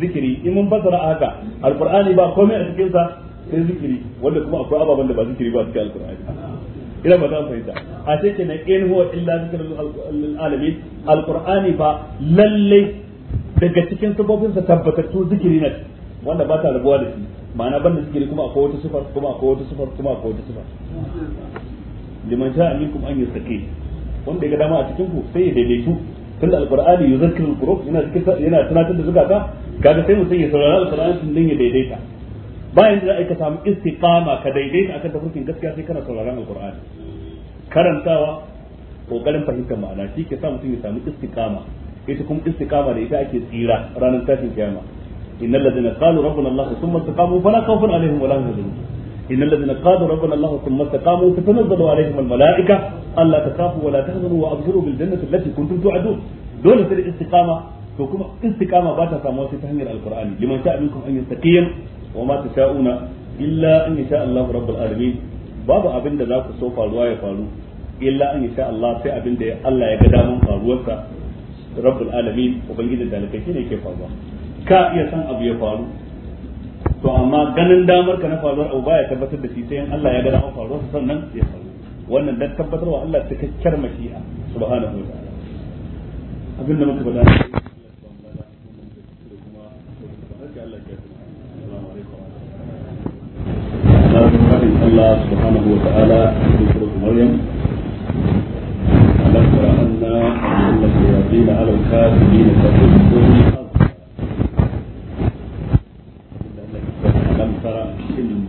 zikiri in mun fassara haka alqur'ani ba komai a cikin sa sai zikiri wanda kuma akwai ababen da ba zikiri ba cikin alqur'ani ina ba zan fahimta a sai kenan in huwa illa zikrul lil alamin ba lalle daga cikin sabobin sa tabbatattu zikiri ne wanda ba ta rabuwa da shi ma'ana banda zikiri kuma kuma kuma wanda ya ga dama a cikin ku sai ya daidaitu tunda alqur'ani yuzakkiru alqulub yana yana tunatar da zukata kaga sai mutum ya saurara alqur'ani tun din ya daidaita bayan da aka samu istiqama ka daidaita akan tafsirin gaskiya sai kana sauraron alqur'ani karantawa kokarin fahimtar ma'ana shi ke sa mutum ya samu istiqama ita kuma istiqama da ita ake tsira ranar tashin kiyama innal ladzina qalu rabbuna allah thumma istaqamu fala khawfun alaihim wala hum yahzanun إن الذين قالوا ربنا الله ثم استقاموا تتنزل عليهم الملائكة ألا تخافوا ولا تحزنوا وأبشروا بالجنة التي كنتم توعدون دولة الاستقامة to kuma istiqama ba ta samuwa sai ta hanyar alqur'ani liman sha'a minkum an yastaqim wa ma tasha'una illa an yasha Allah alamin babu abinda za ku so faruwa ya faru illa an yasha Allah sai abin da Allah ya ga daman faruwarsa rabbul alamin ubangijin da alkai ne yake ka iya san abu ya faru to amma ganin damar ka na faruwar abu baya tabbatar da shi sai Allah ya ga damar faruwar sa sannan ya faru wannan dan tabbatar wa Allah cikakkiyar mashi'a subhanahu wa ta'ala abin da muka faɗa Allah subhanahu wa ta'ala cikin surat Maryam ألم تر أن الشياطين على الكافرين تسجدون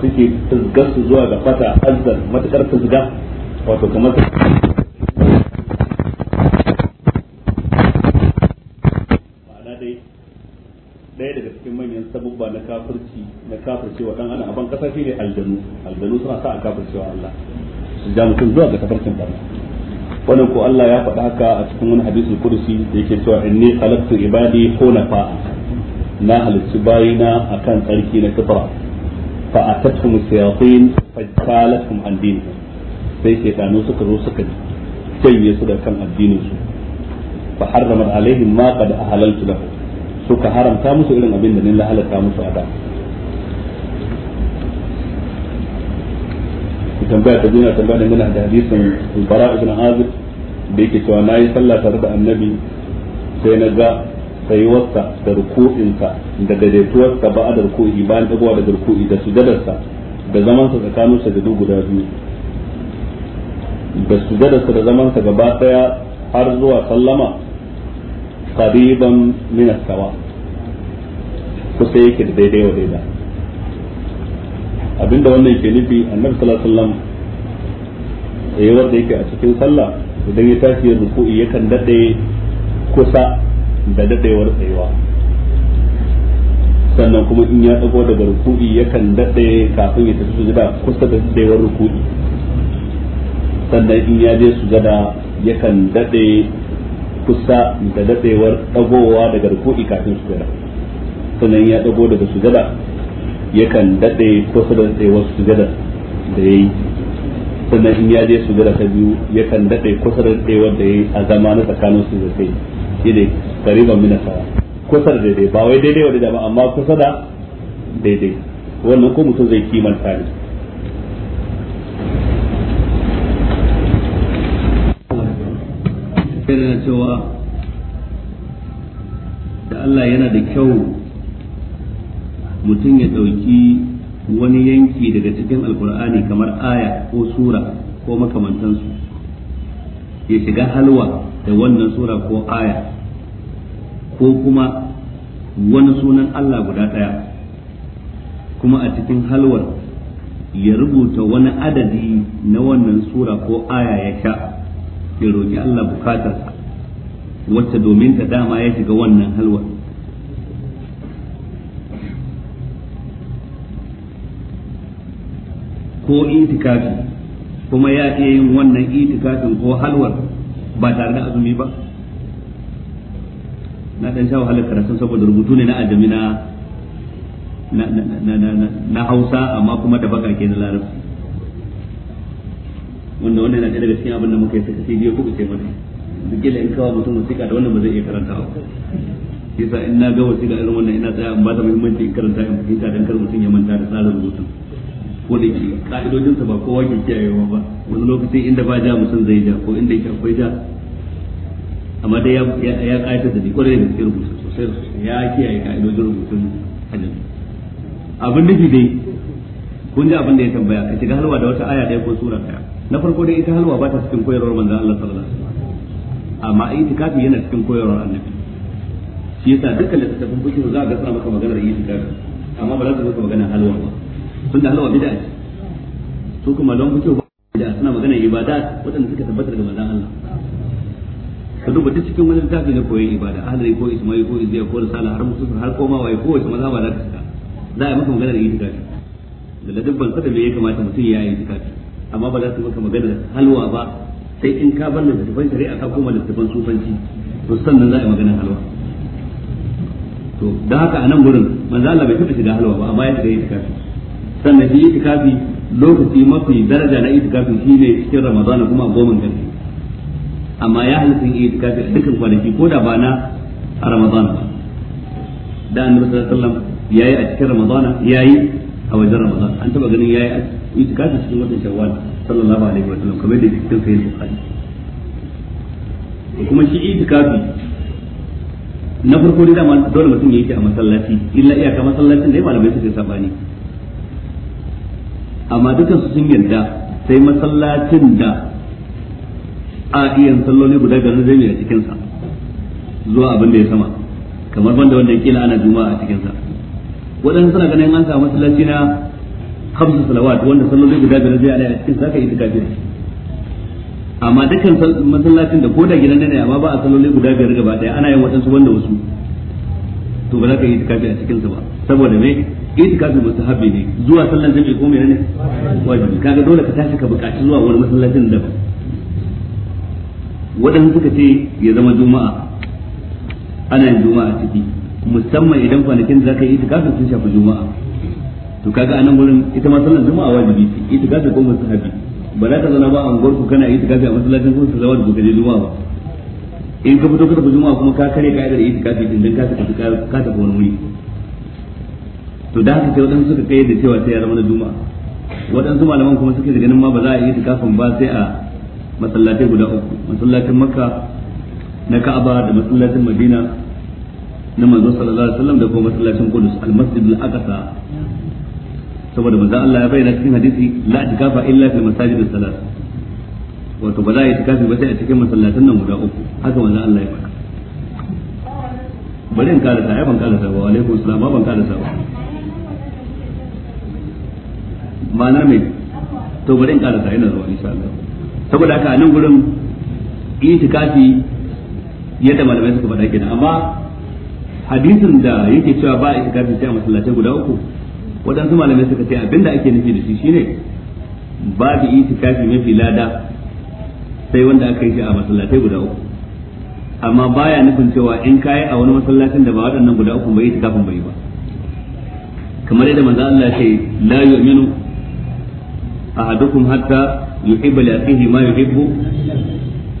suke tasgarsu zuwa ga fata azzar matakar tasga wato kamar da ma'ana dai ɗaya daga cikin manyan sabubba na kafirci na kafirci wa dan ana aban kasa ne aljanu aljanu suna sa a wa Allah su ja mutum zuwa ga tafarkin barna wannan ko Allah ya faɗa haka a cikin wani hadisi kursi da yake cewa inni khalaqtu ibadi hunafa na halittu bayina akan tsarki na kafara فأتتهم الشياطين فاجتالتهم عن دينهم sai shaitanu suka zo suka janye su da kan addinin su fa harramat alaihim ma qad ahalaltu lahu suka haramta musu irin abin da ni la halatta musu a da tambaya ta duniya tambaya dangane da hadisin bara ibn azib da na yi sallah tare da annabi sai na ga tsayuwarsa da ruku'insa da daidaituwarsa ba da ruku'i bayan dagowa da ruku'i da sujadarsa da zamansa tsakanin sajadu guda biyu da sujadarsa da zamansa gaba daya har zuwa sallama kariban min as-sawa kusa yake da daidai wa daida abinda wannan ke nufi annabi sallallahu alaihi wasallam yayin da yake a cikin sallah idan ya tashi ya ruku'i yakan dade kusa da dadewar tsayuwa sannan kuma in ya tsago daga ruku'i yakan dade kafin ya tafi sujada kusa da dadewar rukudi sannan in ya je sujada yakan dade kusa da dadewar dagowa daga rukudi kafin sujada sannan ya tsago daga sujada yakan dade kusa da dadewar sujada da yayi sannan in ya je sujada ta biyu yakan dade kusa da dadewar da yayi a zama na tsakanin sujadai shine qariban min sawa kusa da daidai ba wai daidai wadda ba amma kusa da daidai wannan ko mutum zai kimanta ne yana cewa da Allah yana da kyau mutum ya ɗauki wani yanki daga cikin alkur'ani kamar aya ko sura ko makamantansu ya shiga halwa da wannan sura ko aya ko kuma wani sunan Allah guda ɗaya kuma a cikin halwar ya rubuta wani adadi na wannan sura ko aya ya sha ya roƙi Allah bukatarsa wacce domin ta dama ya shiga wannan halwar ko itikafi kuma ya iya yin wannan itikafin ko halwar ba tare da azumi ba na dan sha wahalar karatu saboda rubutu ne na ajami na na hausa amma kuma da baka ke na larabci wanda wannan na daga cikin abin da muka yi saka sai biyo kuka sai mana duk da in kawo mutum wasiƙa da wannan ba zai iya karanta karantawa yasa in na ga wasiƙa irin wannan ina tsaya in ba ta muhimmanci in karanta in fahimta dan kar mutum ya manta da tsarin rubutun ko da ke ka'idojinsa ba kowa ke kiyayewa ba wani lokaci inda ba ja mutum zai ja ko inda yake akwai ja amma dai ya kayatar da ni kwarai da gaske rubutu sosai sosai ya kiyaye ka'idojin rubutun hadisi abin da ke dai kun ji abin da ya tambaya ka shiga halwa da wata aya ɗaya ko sura ɗaya na farko dai ita halwa ba ta cikin koyarwar manzan Allah sallallahu alaihi wasallam amma itikafi yana cikin koyarwar annabi shi yasa dukkan littattafan bukin za a ga suna maka maganar itikafi amma ba za su maka maganar halwa ba tun da halwa bid'a ce su kuma don bukin ba da suna maganar ibada waɗanda suka tabbatar ga manzan Allah ka duba duk cikin wani littafi na koyon ibada ahlari ko ismai ko izziya ko risala har musu har koma waye ko wace maza ba za ka shiga za a yi maka magana da tafi da ban kada me ya kamata mutum ya yi tafi amma ba za su maka magana da halwa ba sai in ka bar littattafan shari'a ka koma littattafan sufanci to sannan za a yi magana halwa to don haka a nan gurin manzo Allah bai taɓa shiga halwa ba amma ya shiga tafi sannan shi tafi lokaci mafi daraja na itikafi shine cikin ramadana kuma a goma ganin amma ya halatta yi itikafi a dukkan kwanaki ko da ba na a ramadana da an sallallahu alaihi ya yayi a cikin ramadana yayi a wajen ramadana an taba ganin yayi a cikin watan shawwal sallallahu alaihi wasallam kamar da cikin sahih bukhari kuma shi itikafi na farko dai dama dole mutum ya yi a masallaci illa iyaka masallacin da malamai suka sabani amma dukkan su sun yarda sai masallacin da a iya salloli guda biyar zai a cikin sa zuwa abin da ya sama kamar banda wanda kila ana juma a cikin sa suna ganin an samu masallaci na hamsu salawat wanda salloli guda biyar zai a cikin sa ka yi tukafi amma dukkan masallacin da koda gidan ne amma ba a salloli guda biyar gaba daya ana yin wadansu wanda wasu to ba za ka yi tukafi a cikin sa ba saboda me itikafi mustahabbi ne zuwa sallan jami'i ko menene wajibi kaga dole ka tashi ka buƙaci zuwa wani masallacin daban waɗansu suka ce ya zama juma'a ana yin juma'a ciki musamman idan kwanakin da ka yi itikafin sun shafi juma'a to kaga anan gurin ita ma sallar juma'a wajibi ce itikafin ko musahabi ba za ka zauna ba a unguwar ku kana kafin a masallacin kuma su zama da je juma'a ba in ka fito ka tafi juma'a kuma ka kare ita itikafi din dan ka tafi ka tafi wani wuri to da haka sai waɗansu suka kai da cewa sai ya zama na juma'a waɗansu malaman kuma suke da ganin ma ba za a yi itikafin ba sai a masallatai guda uku masallacin makka na ka'aba da masallacin madina na manzo sallallahu alaihi wasallam da kuma masallacin qudus al-masjid al-aqsa saboda manzo Allah ya bayyana cikin hadisi la tikafa illa fil masajid al salat wato ba za a yi tikafi ba sai a cikin masallatan nan guda uku haka manzo Allah ya faɗa bari in karasa ya ban ta ba alaikum salam ban ta ba ma'ana mai to bari in ta yana zuwa insha Allah saboda haka a nan gurin itikafi yadda malamai suka faɗa kenan amma hadisin da yake cewa ba itikafi sai a masallatai guda uku waɗansu malamai suka ce abinda ake nufi da shi shine da itikafi mafi lada sai wanda aka yi shi a masallatai guda uku amma baya nufin cewa in kayi a wani masallacin da ba waɗannan guda uku bai itikafin bai ba kamar yadda manzo Allah ya ce la yu'minu ahadukum hatta yuhibbu li akhihi ma yuhibbu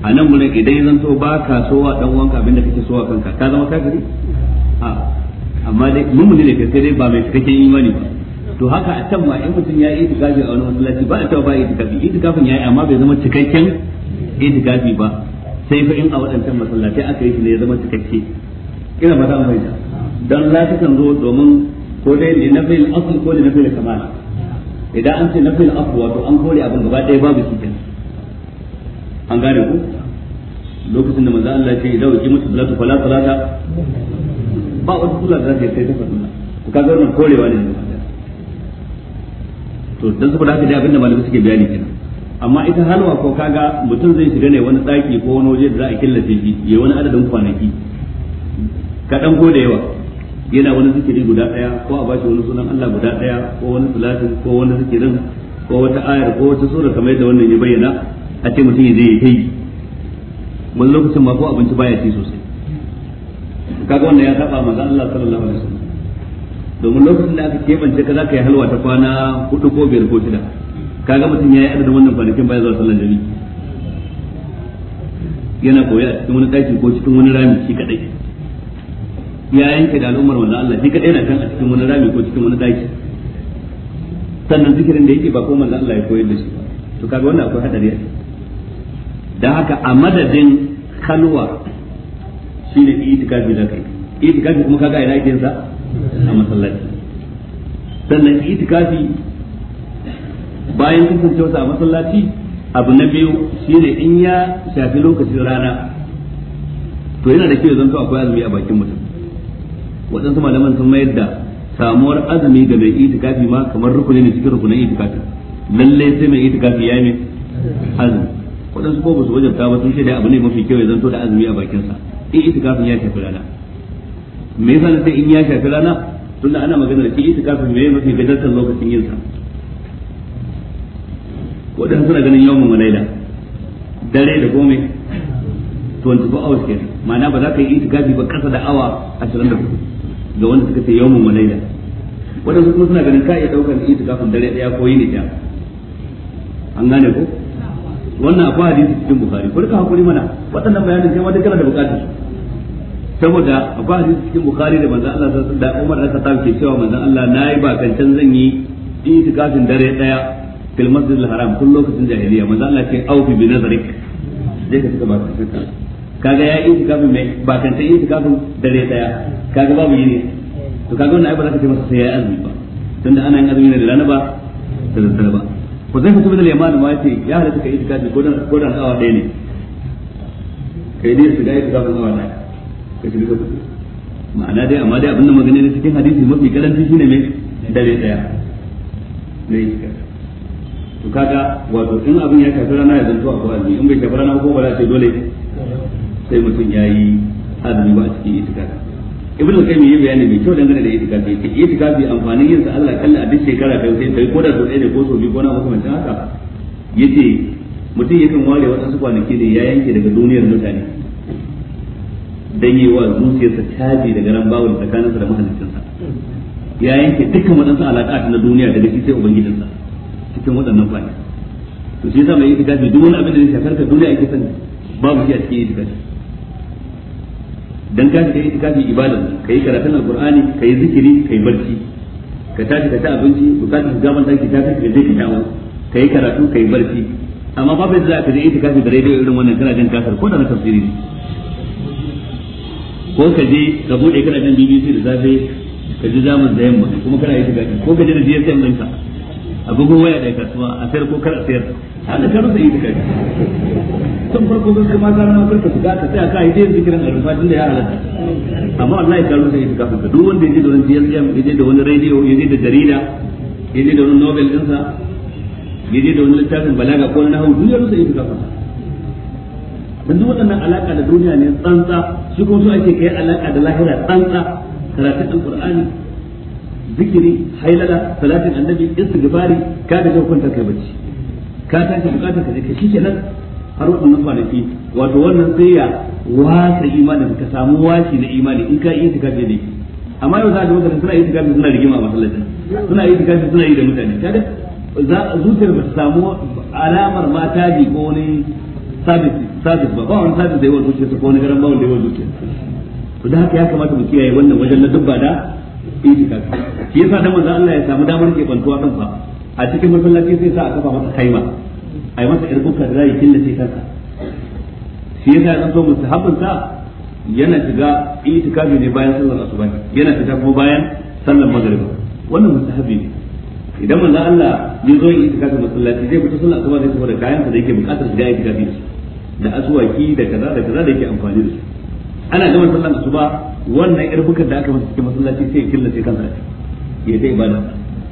anan nan mun idan zan to ba ka so wa dan wanka abinda kake so wa kanka ka zama kafiri a amma dai mun mun ne sai dai ba mai take imani ba to haka a can ma in mutum ya yi itikafi a wani masallaci ba a ba itikafi itikafin ya yi amma bai zama cikakken itikafi ba sai fa in a waɗancan masallatai aka yi shi ne ya zama cikakke ina ba za mu fahimta don la takan zo domin ko dai ne na fil asl ko ne na fil kamala idan an ce nafil afu wato an kore abin gaba ɗaya babu shi kenan an gane ku lokacin da manzo Allah ya ce idan wuce mutu salatu fala salata ba wata sallah da zai sai ta sunna ku kaga wannan korewa ne to dan saboda haka dai abin da malamu suke bayani kenan amma ita halwa ko kaga mutum zai shiga ne wani tsaki ko wani waje da za a killace shi yayi wani adadin kwanaki kaɗan ko da yawa yana wani zikiri guda daya ko a bashi wani sunan Allah guda daya ko wani salatin ko wani zikirin ko wata ayar ko wata sura kamar yadda wannan ya bayyana a ce mutum zai yi ya yi wani lokacin ma ko abinci baya ci sosai kaga wannan ya saba manzo Allah sallallahu alaihi wasallam domin lokacin da aka kebance ka zaka yi halwa ta kwana hudu ko biyar ko shida kaga mutum yayi adadin wannan kwanakin baya zuwa sallan jami'i yana koya a cikin wani daki ko cikin wani rami shi kadai ya yanke da al'ummar wannan Allah shi kadai na kan a cikin wani rami ko cikin wani daki sannan zikirin da yake ba ko manzon Allah ya koyar da shi ba to kaga wannan akwai hadari a dan haka a madadin kalwa shine itikafi da kai itikafi kuma kaga ina yake sa a masallaci sannan itikafi bayan kasancewa a masallaci abu na biyu shine in ya shafi lokacin rana to yana da kyau zanto akwai azumi a bakin mutum waɗansu malaman sun mayar da samuwar azumi ga mai itikafi ma kamar rukuni ne cikin rukunin itikafi lallai sai mai itikafi ya ne azumi waɗansu ko basu wajabta ba sun shaida abu ne mafi kyau ya zanto da azumi a bakinsa in itikafin ya shafi rana me yasa na sai in ya shafi rana tunda ana magana da shi itikafin me mafi gajartar lokacin yin sa. waɗansu suna ganin yawon walaila dare da gome 24 hours kenan ma'ana ba za ka yi itikafi ba kasa da awa 24 ga wanda suka ce yawmun wa laila wadansu kuma suna ganin ka iya daukar itikafin dare daya ko ne ta an gane ko wannan akwai hadisi cikin bukari ko duka hakuri mana waɗannan bayanin kai wata kana da bukatar saboda akwai hadisi cikin bukari da manzan Allah sun da Umar da Khattab ke cewa manzan Allah nayi ba kancan zan yi itikafin dare daya fil masjid haram kullum lokacin jahiliya manzan Allah ce aufi bi nazarik dai ka tuka ba ka kaga ya itikafin mai ba kancan itikafin dare daya kaga babu yini to kaga wannan ai ba za ka ce masa sai ya azumi ba tunda ana yin azumi ne da rana ba da daddare ba ko zai fito da yaman ma yace ya halatta kai itikafi ko godan ko awa ɗaya ne kai dai su ga itikafin awa ɗaya kai shi duka ma'ana dai amma dai abinda magana ne cikin hadisi mafi karanci shine mai dare daya ne itikafi to kaga wato in abin ya shafi rana ya zanto a azumi in bai shafi rana ko ba za a ce dole sai mutum ya yi azumi ba a cikin itikafi ibnu qayyim yayi bayani mai kyau dangane da itikafi ke itikafi amfanin yin sa Allah kalla a duk shekara kai sai kai ko da sau ne ko sau biyu ko na makamancin haka yace mutum yakan ware su kwanaki ne ya yanke daga duniyar mutane dan yi wa zuciyarsa caji daga ran bawul tsakaninsa da sa ya yanke dukkan waɗansu alaka na duniya daga shi sai sa cikin wadannan kwanaki to shi yasa mai itikafi duk wani abin da ya shafar duniya ake sani babu shi a cikin itikafi dan ka kai itikafi ibadan kai karatun alqur'ani kai zikiri kai barci ka tashi ka ci abinci bukatar shiga ban daki ta tashi da ka dawo kai karatu kai barci amma babu yadda za ka je itikafi da rediyo irin wannan kana jin kasar ko da na tafsiri ko ka je ka bude kana jin BBC da safe ka ji zaman da yamma kuma kana itikafi ko ka je da GSM ɗinka agogo waya da kasuwa a sayar ko kar a sayar haka ka ita itikafi tun farko sun kuma na rama karka shiga ka tsaya ka hidayar zikirin alfa tun da ya halatta amma wallahi ka rusa ita kafin ka duk wanda yaje da wani DSM yaje da wani radio yaje da jarida yaje da wani Nobel dinsa yaje da wani littafin balaga ko na hawu duk ya rusa ita kafin dan duk waɗannan alaka da duniya ne tsantsa shi kuma so ake kai alaka da lahira tsantsa karatun alqur'ani zikiri hailala salatin annabi istighfari ka da hukunta kai bacci ka tashi bukatar ka je shi kenan har waɗannan kwanaki wato wannan sai ya wasa imanin ka samu washi na imani in ka yi itikafi da amma yau za a ga mutane suna yi itikafi suna rigima a masallacin suna yi itikafi suna yi da mutane kaga za zuciyar ba ta samu alamar ma tabi ko wani sabis sabis ba ba wani sabis da yawan zuciyar ko wani garan bawon da yawan zuciyar to da haka ya kamata mu kiyaye wannan wajen na dubba da itikafi shi yasa dan manzo Allah ya samu damar ke kan kansa a cikin masallaci sai sa a kafa masa kaima ai masa irin da za yi killace kanka shi yasa ya zanto mustahabbin sa yana shiga itikafi ne bayan sallar asuba yana fita kuma bayan sallar magriba wannan mustahabbi ne idan manzo Allah ya zo yin itikafi masallaci zai fita sallar asuba zai tafi da kayan sa da yake bukatar shiga itikafi da su da aswaki da kaza da kaza da yake amfani da su ana gama sallar asuba wannan irbukan da aka masa cikin masallaci sai ya killace kansa ya dai ibada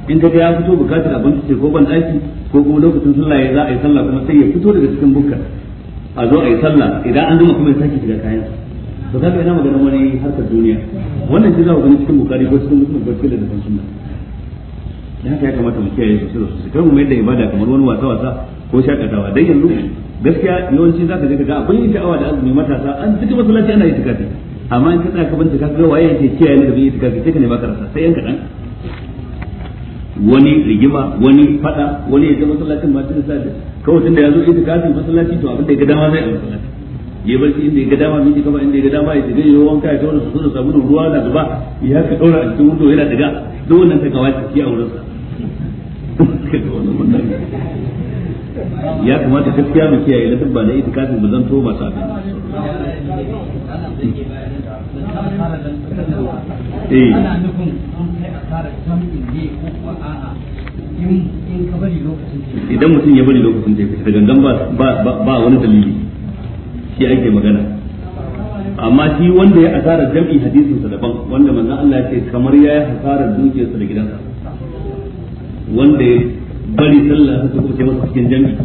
in kaga ya fito bukatar abinci ce ko ban daki ko kuma lokacin sallah ya za a yi sallah kuma sai ya fito daga cikin bukkar a zo a yi sallah idan an gama kuma ya sake shiga kayan to kaga ina magana wani harkar duniya wannan shi za ku gani cikin bukari ko cikin musulmi ko da zafin sunna da haka ya kamata mu kiyaye sosai da su kar mu mai da ibada kamar wani wasa wasa ko shakatawa dai yanzu gaskiya yawanci zaka je ka ga abin sha'awa da azumi matasa an fita masallaci ana yi tikafi amma in ka tsaya ka bincika ka ga waye yake kiyaye da bin tikafi sai ka ne baka rasa sai yanka dan wani rigima wani fada wani ya ga masallacin ba cikin sa kawai tunda ya zo ita kafin masallaci to abin da ya ga dama zai a masallaci ya barci inda ya ga dama miji kama inda ya ga dama ya shiga ya wanka ya tauna su da sabulun ruwa da zuba ya ka daura a cikin wuto yana daga duk wannan ta gawa ciki a wurinsa ya kamata gaskiya mu kiyaye na dubba na itikafin ba zan to ba sa eh kara jam'in ne ko kuwa a'a in ka bari lokacin idan mutum ya bari lokacin da ya fita gangan ba wani dalili shi ake magana amma shi wanda ya asarar jam'i hadisinsa daban wanda manzon Allah ya ce kamar ya yi asarar dukiyarsa da gidansa wanda ya bari sallah ta kuce masa cikin jam'i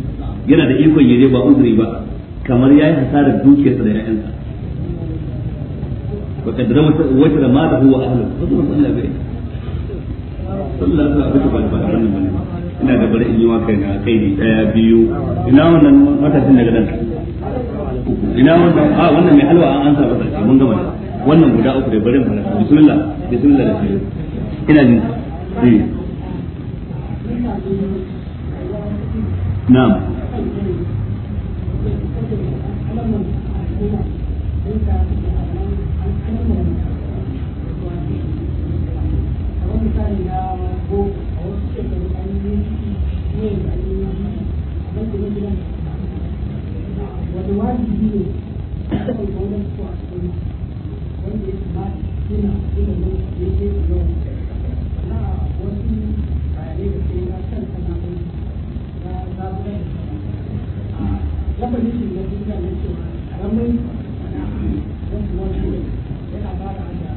yana da ikon yaje ba uzuri ba kamar ya yi asarar dukiyarsa da ƴaƴansa وقد رمت وتر ماله واهله فضل الله بينه sallar da ba ina da bari in yi na kai daya biyu ina wannan matashin daga ina wannan a ah, wannan mai halwa an ansa masa mun gama wannan guda uku da bari mu na bismillah bismillah da shi ina eh na'am Thank you. tsari a ya a yana ba da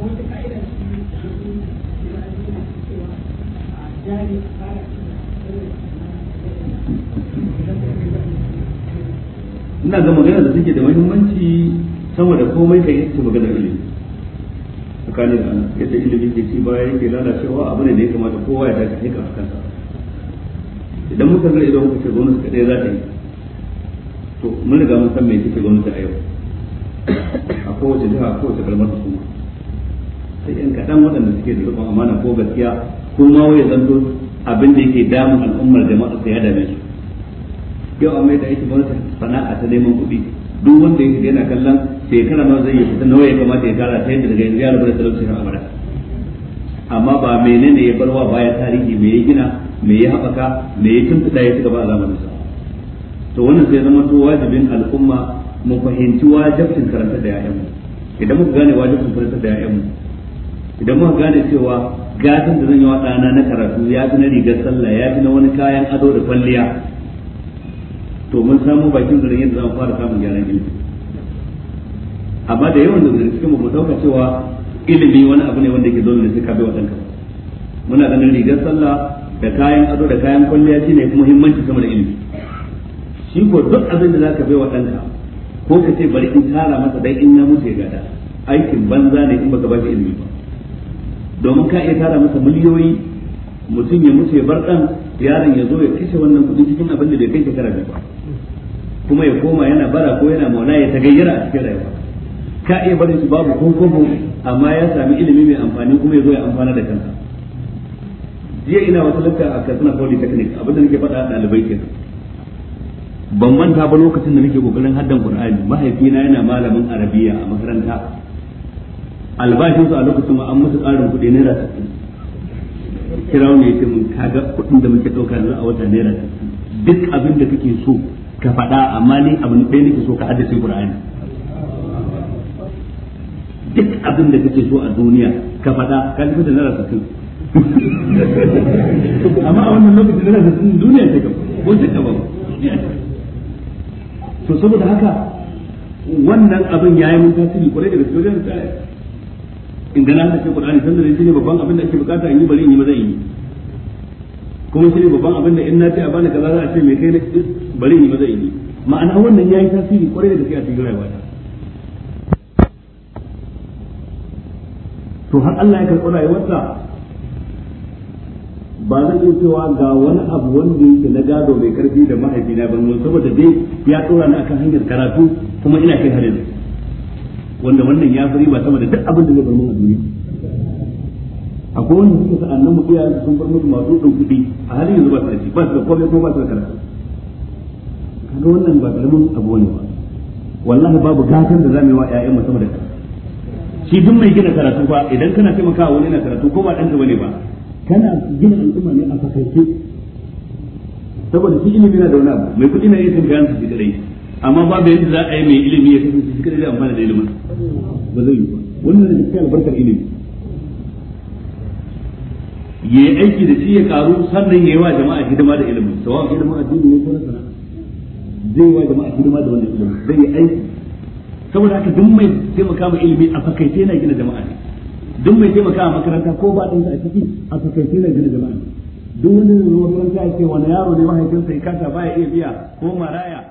wata ka'ida ce da hannun da ya zama cewa a jari a fara ina ga magana da suke da muhimmanci saboda komai kai yake magana ilimi tsakanin da Allah yadda ilimi ke ci baya yake lalacewa abu ne da ya kamata kowa ya dace haka a kansa idan muka ga idan muka ce gwamnati kadai za ta yi to mun riga mun san me yake gwamnati a yau a kowace jiha a kowace kalmar hukuma sai in kaɗan waɗanda suke da rikon amana ko gaskiya ko ma zan zanto abin da yake damun al'ummar jama'a sai ya dame su yau amma da ake wani sana'a ta neman kuɗi duk wanda yake yana kallon shekara nawa zai yi fita nawa ya kamata ya tara ta yadda daga yanzu ya rabu da talauci na amara amma ba menene ya barwa baya tarihi me ya gina me ya haɓaka me ya tuntuɗa ya ci gaba a sa to wannan sai zama to wajibin al'umma mu fahimci wajibcin karanta da 'ya'yanmu idan muka gane wajibcin karanta da 'ya'yanmu idan muka gane cewa gasan da zan yi wa ɗana na karatu ya fi na rigar sallah ya fi na wani kayan ado da kwalliya to mun samu bakin zaren yadda mu fara samun gyaran ilimi amma da yawan da cikin mu ɗauka cewa ilimi wani abu ne wanda ke dole da sai ka bai wa ɗanka muna ganin rigar sallah da kayan ado da kayan kwalliya shine muhimmanci sama da ilimi shi ko duk abin da ka bai wa ɗanka ko ka ce bari in tara masa dai in na mutu ya gada aikin banza ne in baka ba shi ilimi ba domin ka iya tara masa miliyoyi mutum ya mutu ya bar ɗan yaron ya zo ya kashe wannan kudin cikin abin da bai kai shekara biyu ba kuma ya koma yana bara ko yana mauna ya tagayyara a cikin rayuwa ka iya barin su babu hukumu amma ya sami ilimi mai amfani kuma ya zo ya amfana da kansa jiya ina wata lakka a katsina polytechnic abin da nake faɗa a ɗalibai kenan ban manta ba lokacin da nake kokarin haddan qur'ani mahaifina yana malamin arabiya a makaranta albashin su a lokacin ma an musu ƙarin kuɗi naira kira wani ya ce mun kaga kuɗin da muke ɗauka yanzu a wata naira duk abin da kake so ka faɗa amma ni abin ɗaya nake so ka haddace Qur'ani duk abin da kake so a duniya ka faɗa ka tafi da naira sittin amma a wannan lokacin naira sittin duniya ce kam ko shi ka ba to saboda haka wannan abin yayi mun tasiri kwarai da gaske wajen inda na hada Qur'ani san da shi ne babban abin da ake bukata in yi bari in yi ba zan yi kuma shi ne babban abin da in na ce a bani kaza za a ce mai kai na bari in yi ba zan yi ma'ana wannan yayi tasiri kwarai da gaske a cikin rayuwata to har Allah ya karɓi rayuwarsa ba zan iya cewa ga wani abu wanda yake na gado mai karfi da mahaifina ban saboda dai ya tsora ni akan hanyar karatu kuma ina kai halin wanda wannan ya fari ba sama da duk abin da zai bar a duniya akwai wanda suka sa annan mu iya sun bar mutu masu ɗan kuɗi a halin yanzu ba su da shi ba su da komai ko ba su da karatu kaga wannan ba karamin abu ne ba wallahi babu gatan da zamu yi wa ƴaƴan mu sama da shi duk mai gina karatu ba idan kana taimakawa wani na karatu ko ba ɗanka bane ba kana gina al'umma ne a fakaice saboda shi ilimi na da wani abu mai kuɗi na yin tambayan su shi rai amma babu yadda za a yi mai ilimi ya kasance shi kadai zai amfana da ilimin ba zai yi ba wannan da cikin albarkar ilimi ya yi aiki da shi ya karu sannan ya yi wa jama'a hidima da ilimin sawa hidima a ne ko na sana'a zai wa jama'a hidima da wannan ilimin zai yi aiki saboda haka duk mai taimaka ma ilimi a fakaice na gina jama'a ne duk mai taimaka a makaranta ko ba ɗansa a ciki a fakaice na gina jama'a ne duk wani ne makaranta ya ce wani yaro ne mahaifinsa ya kasa baya iya biya ko maraya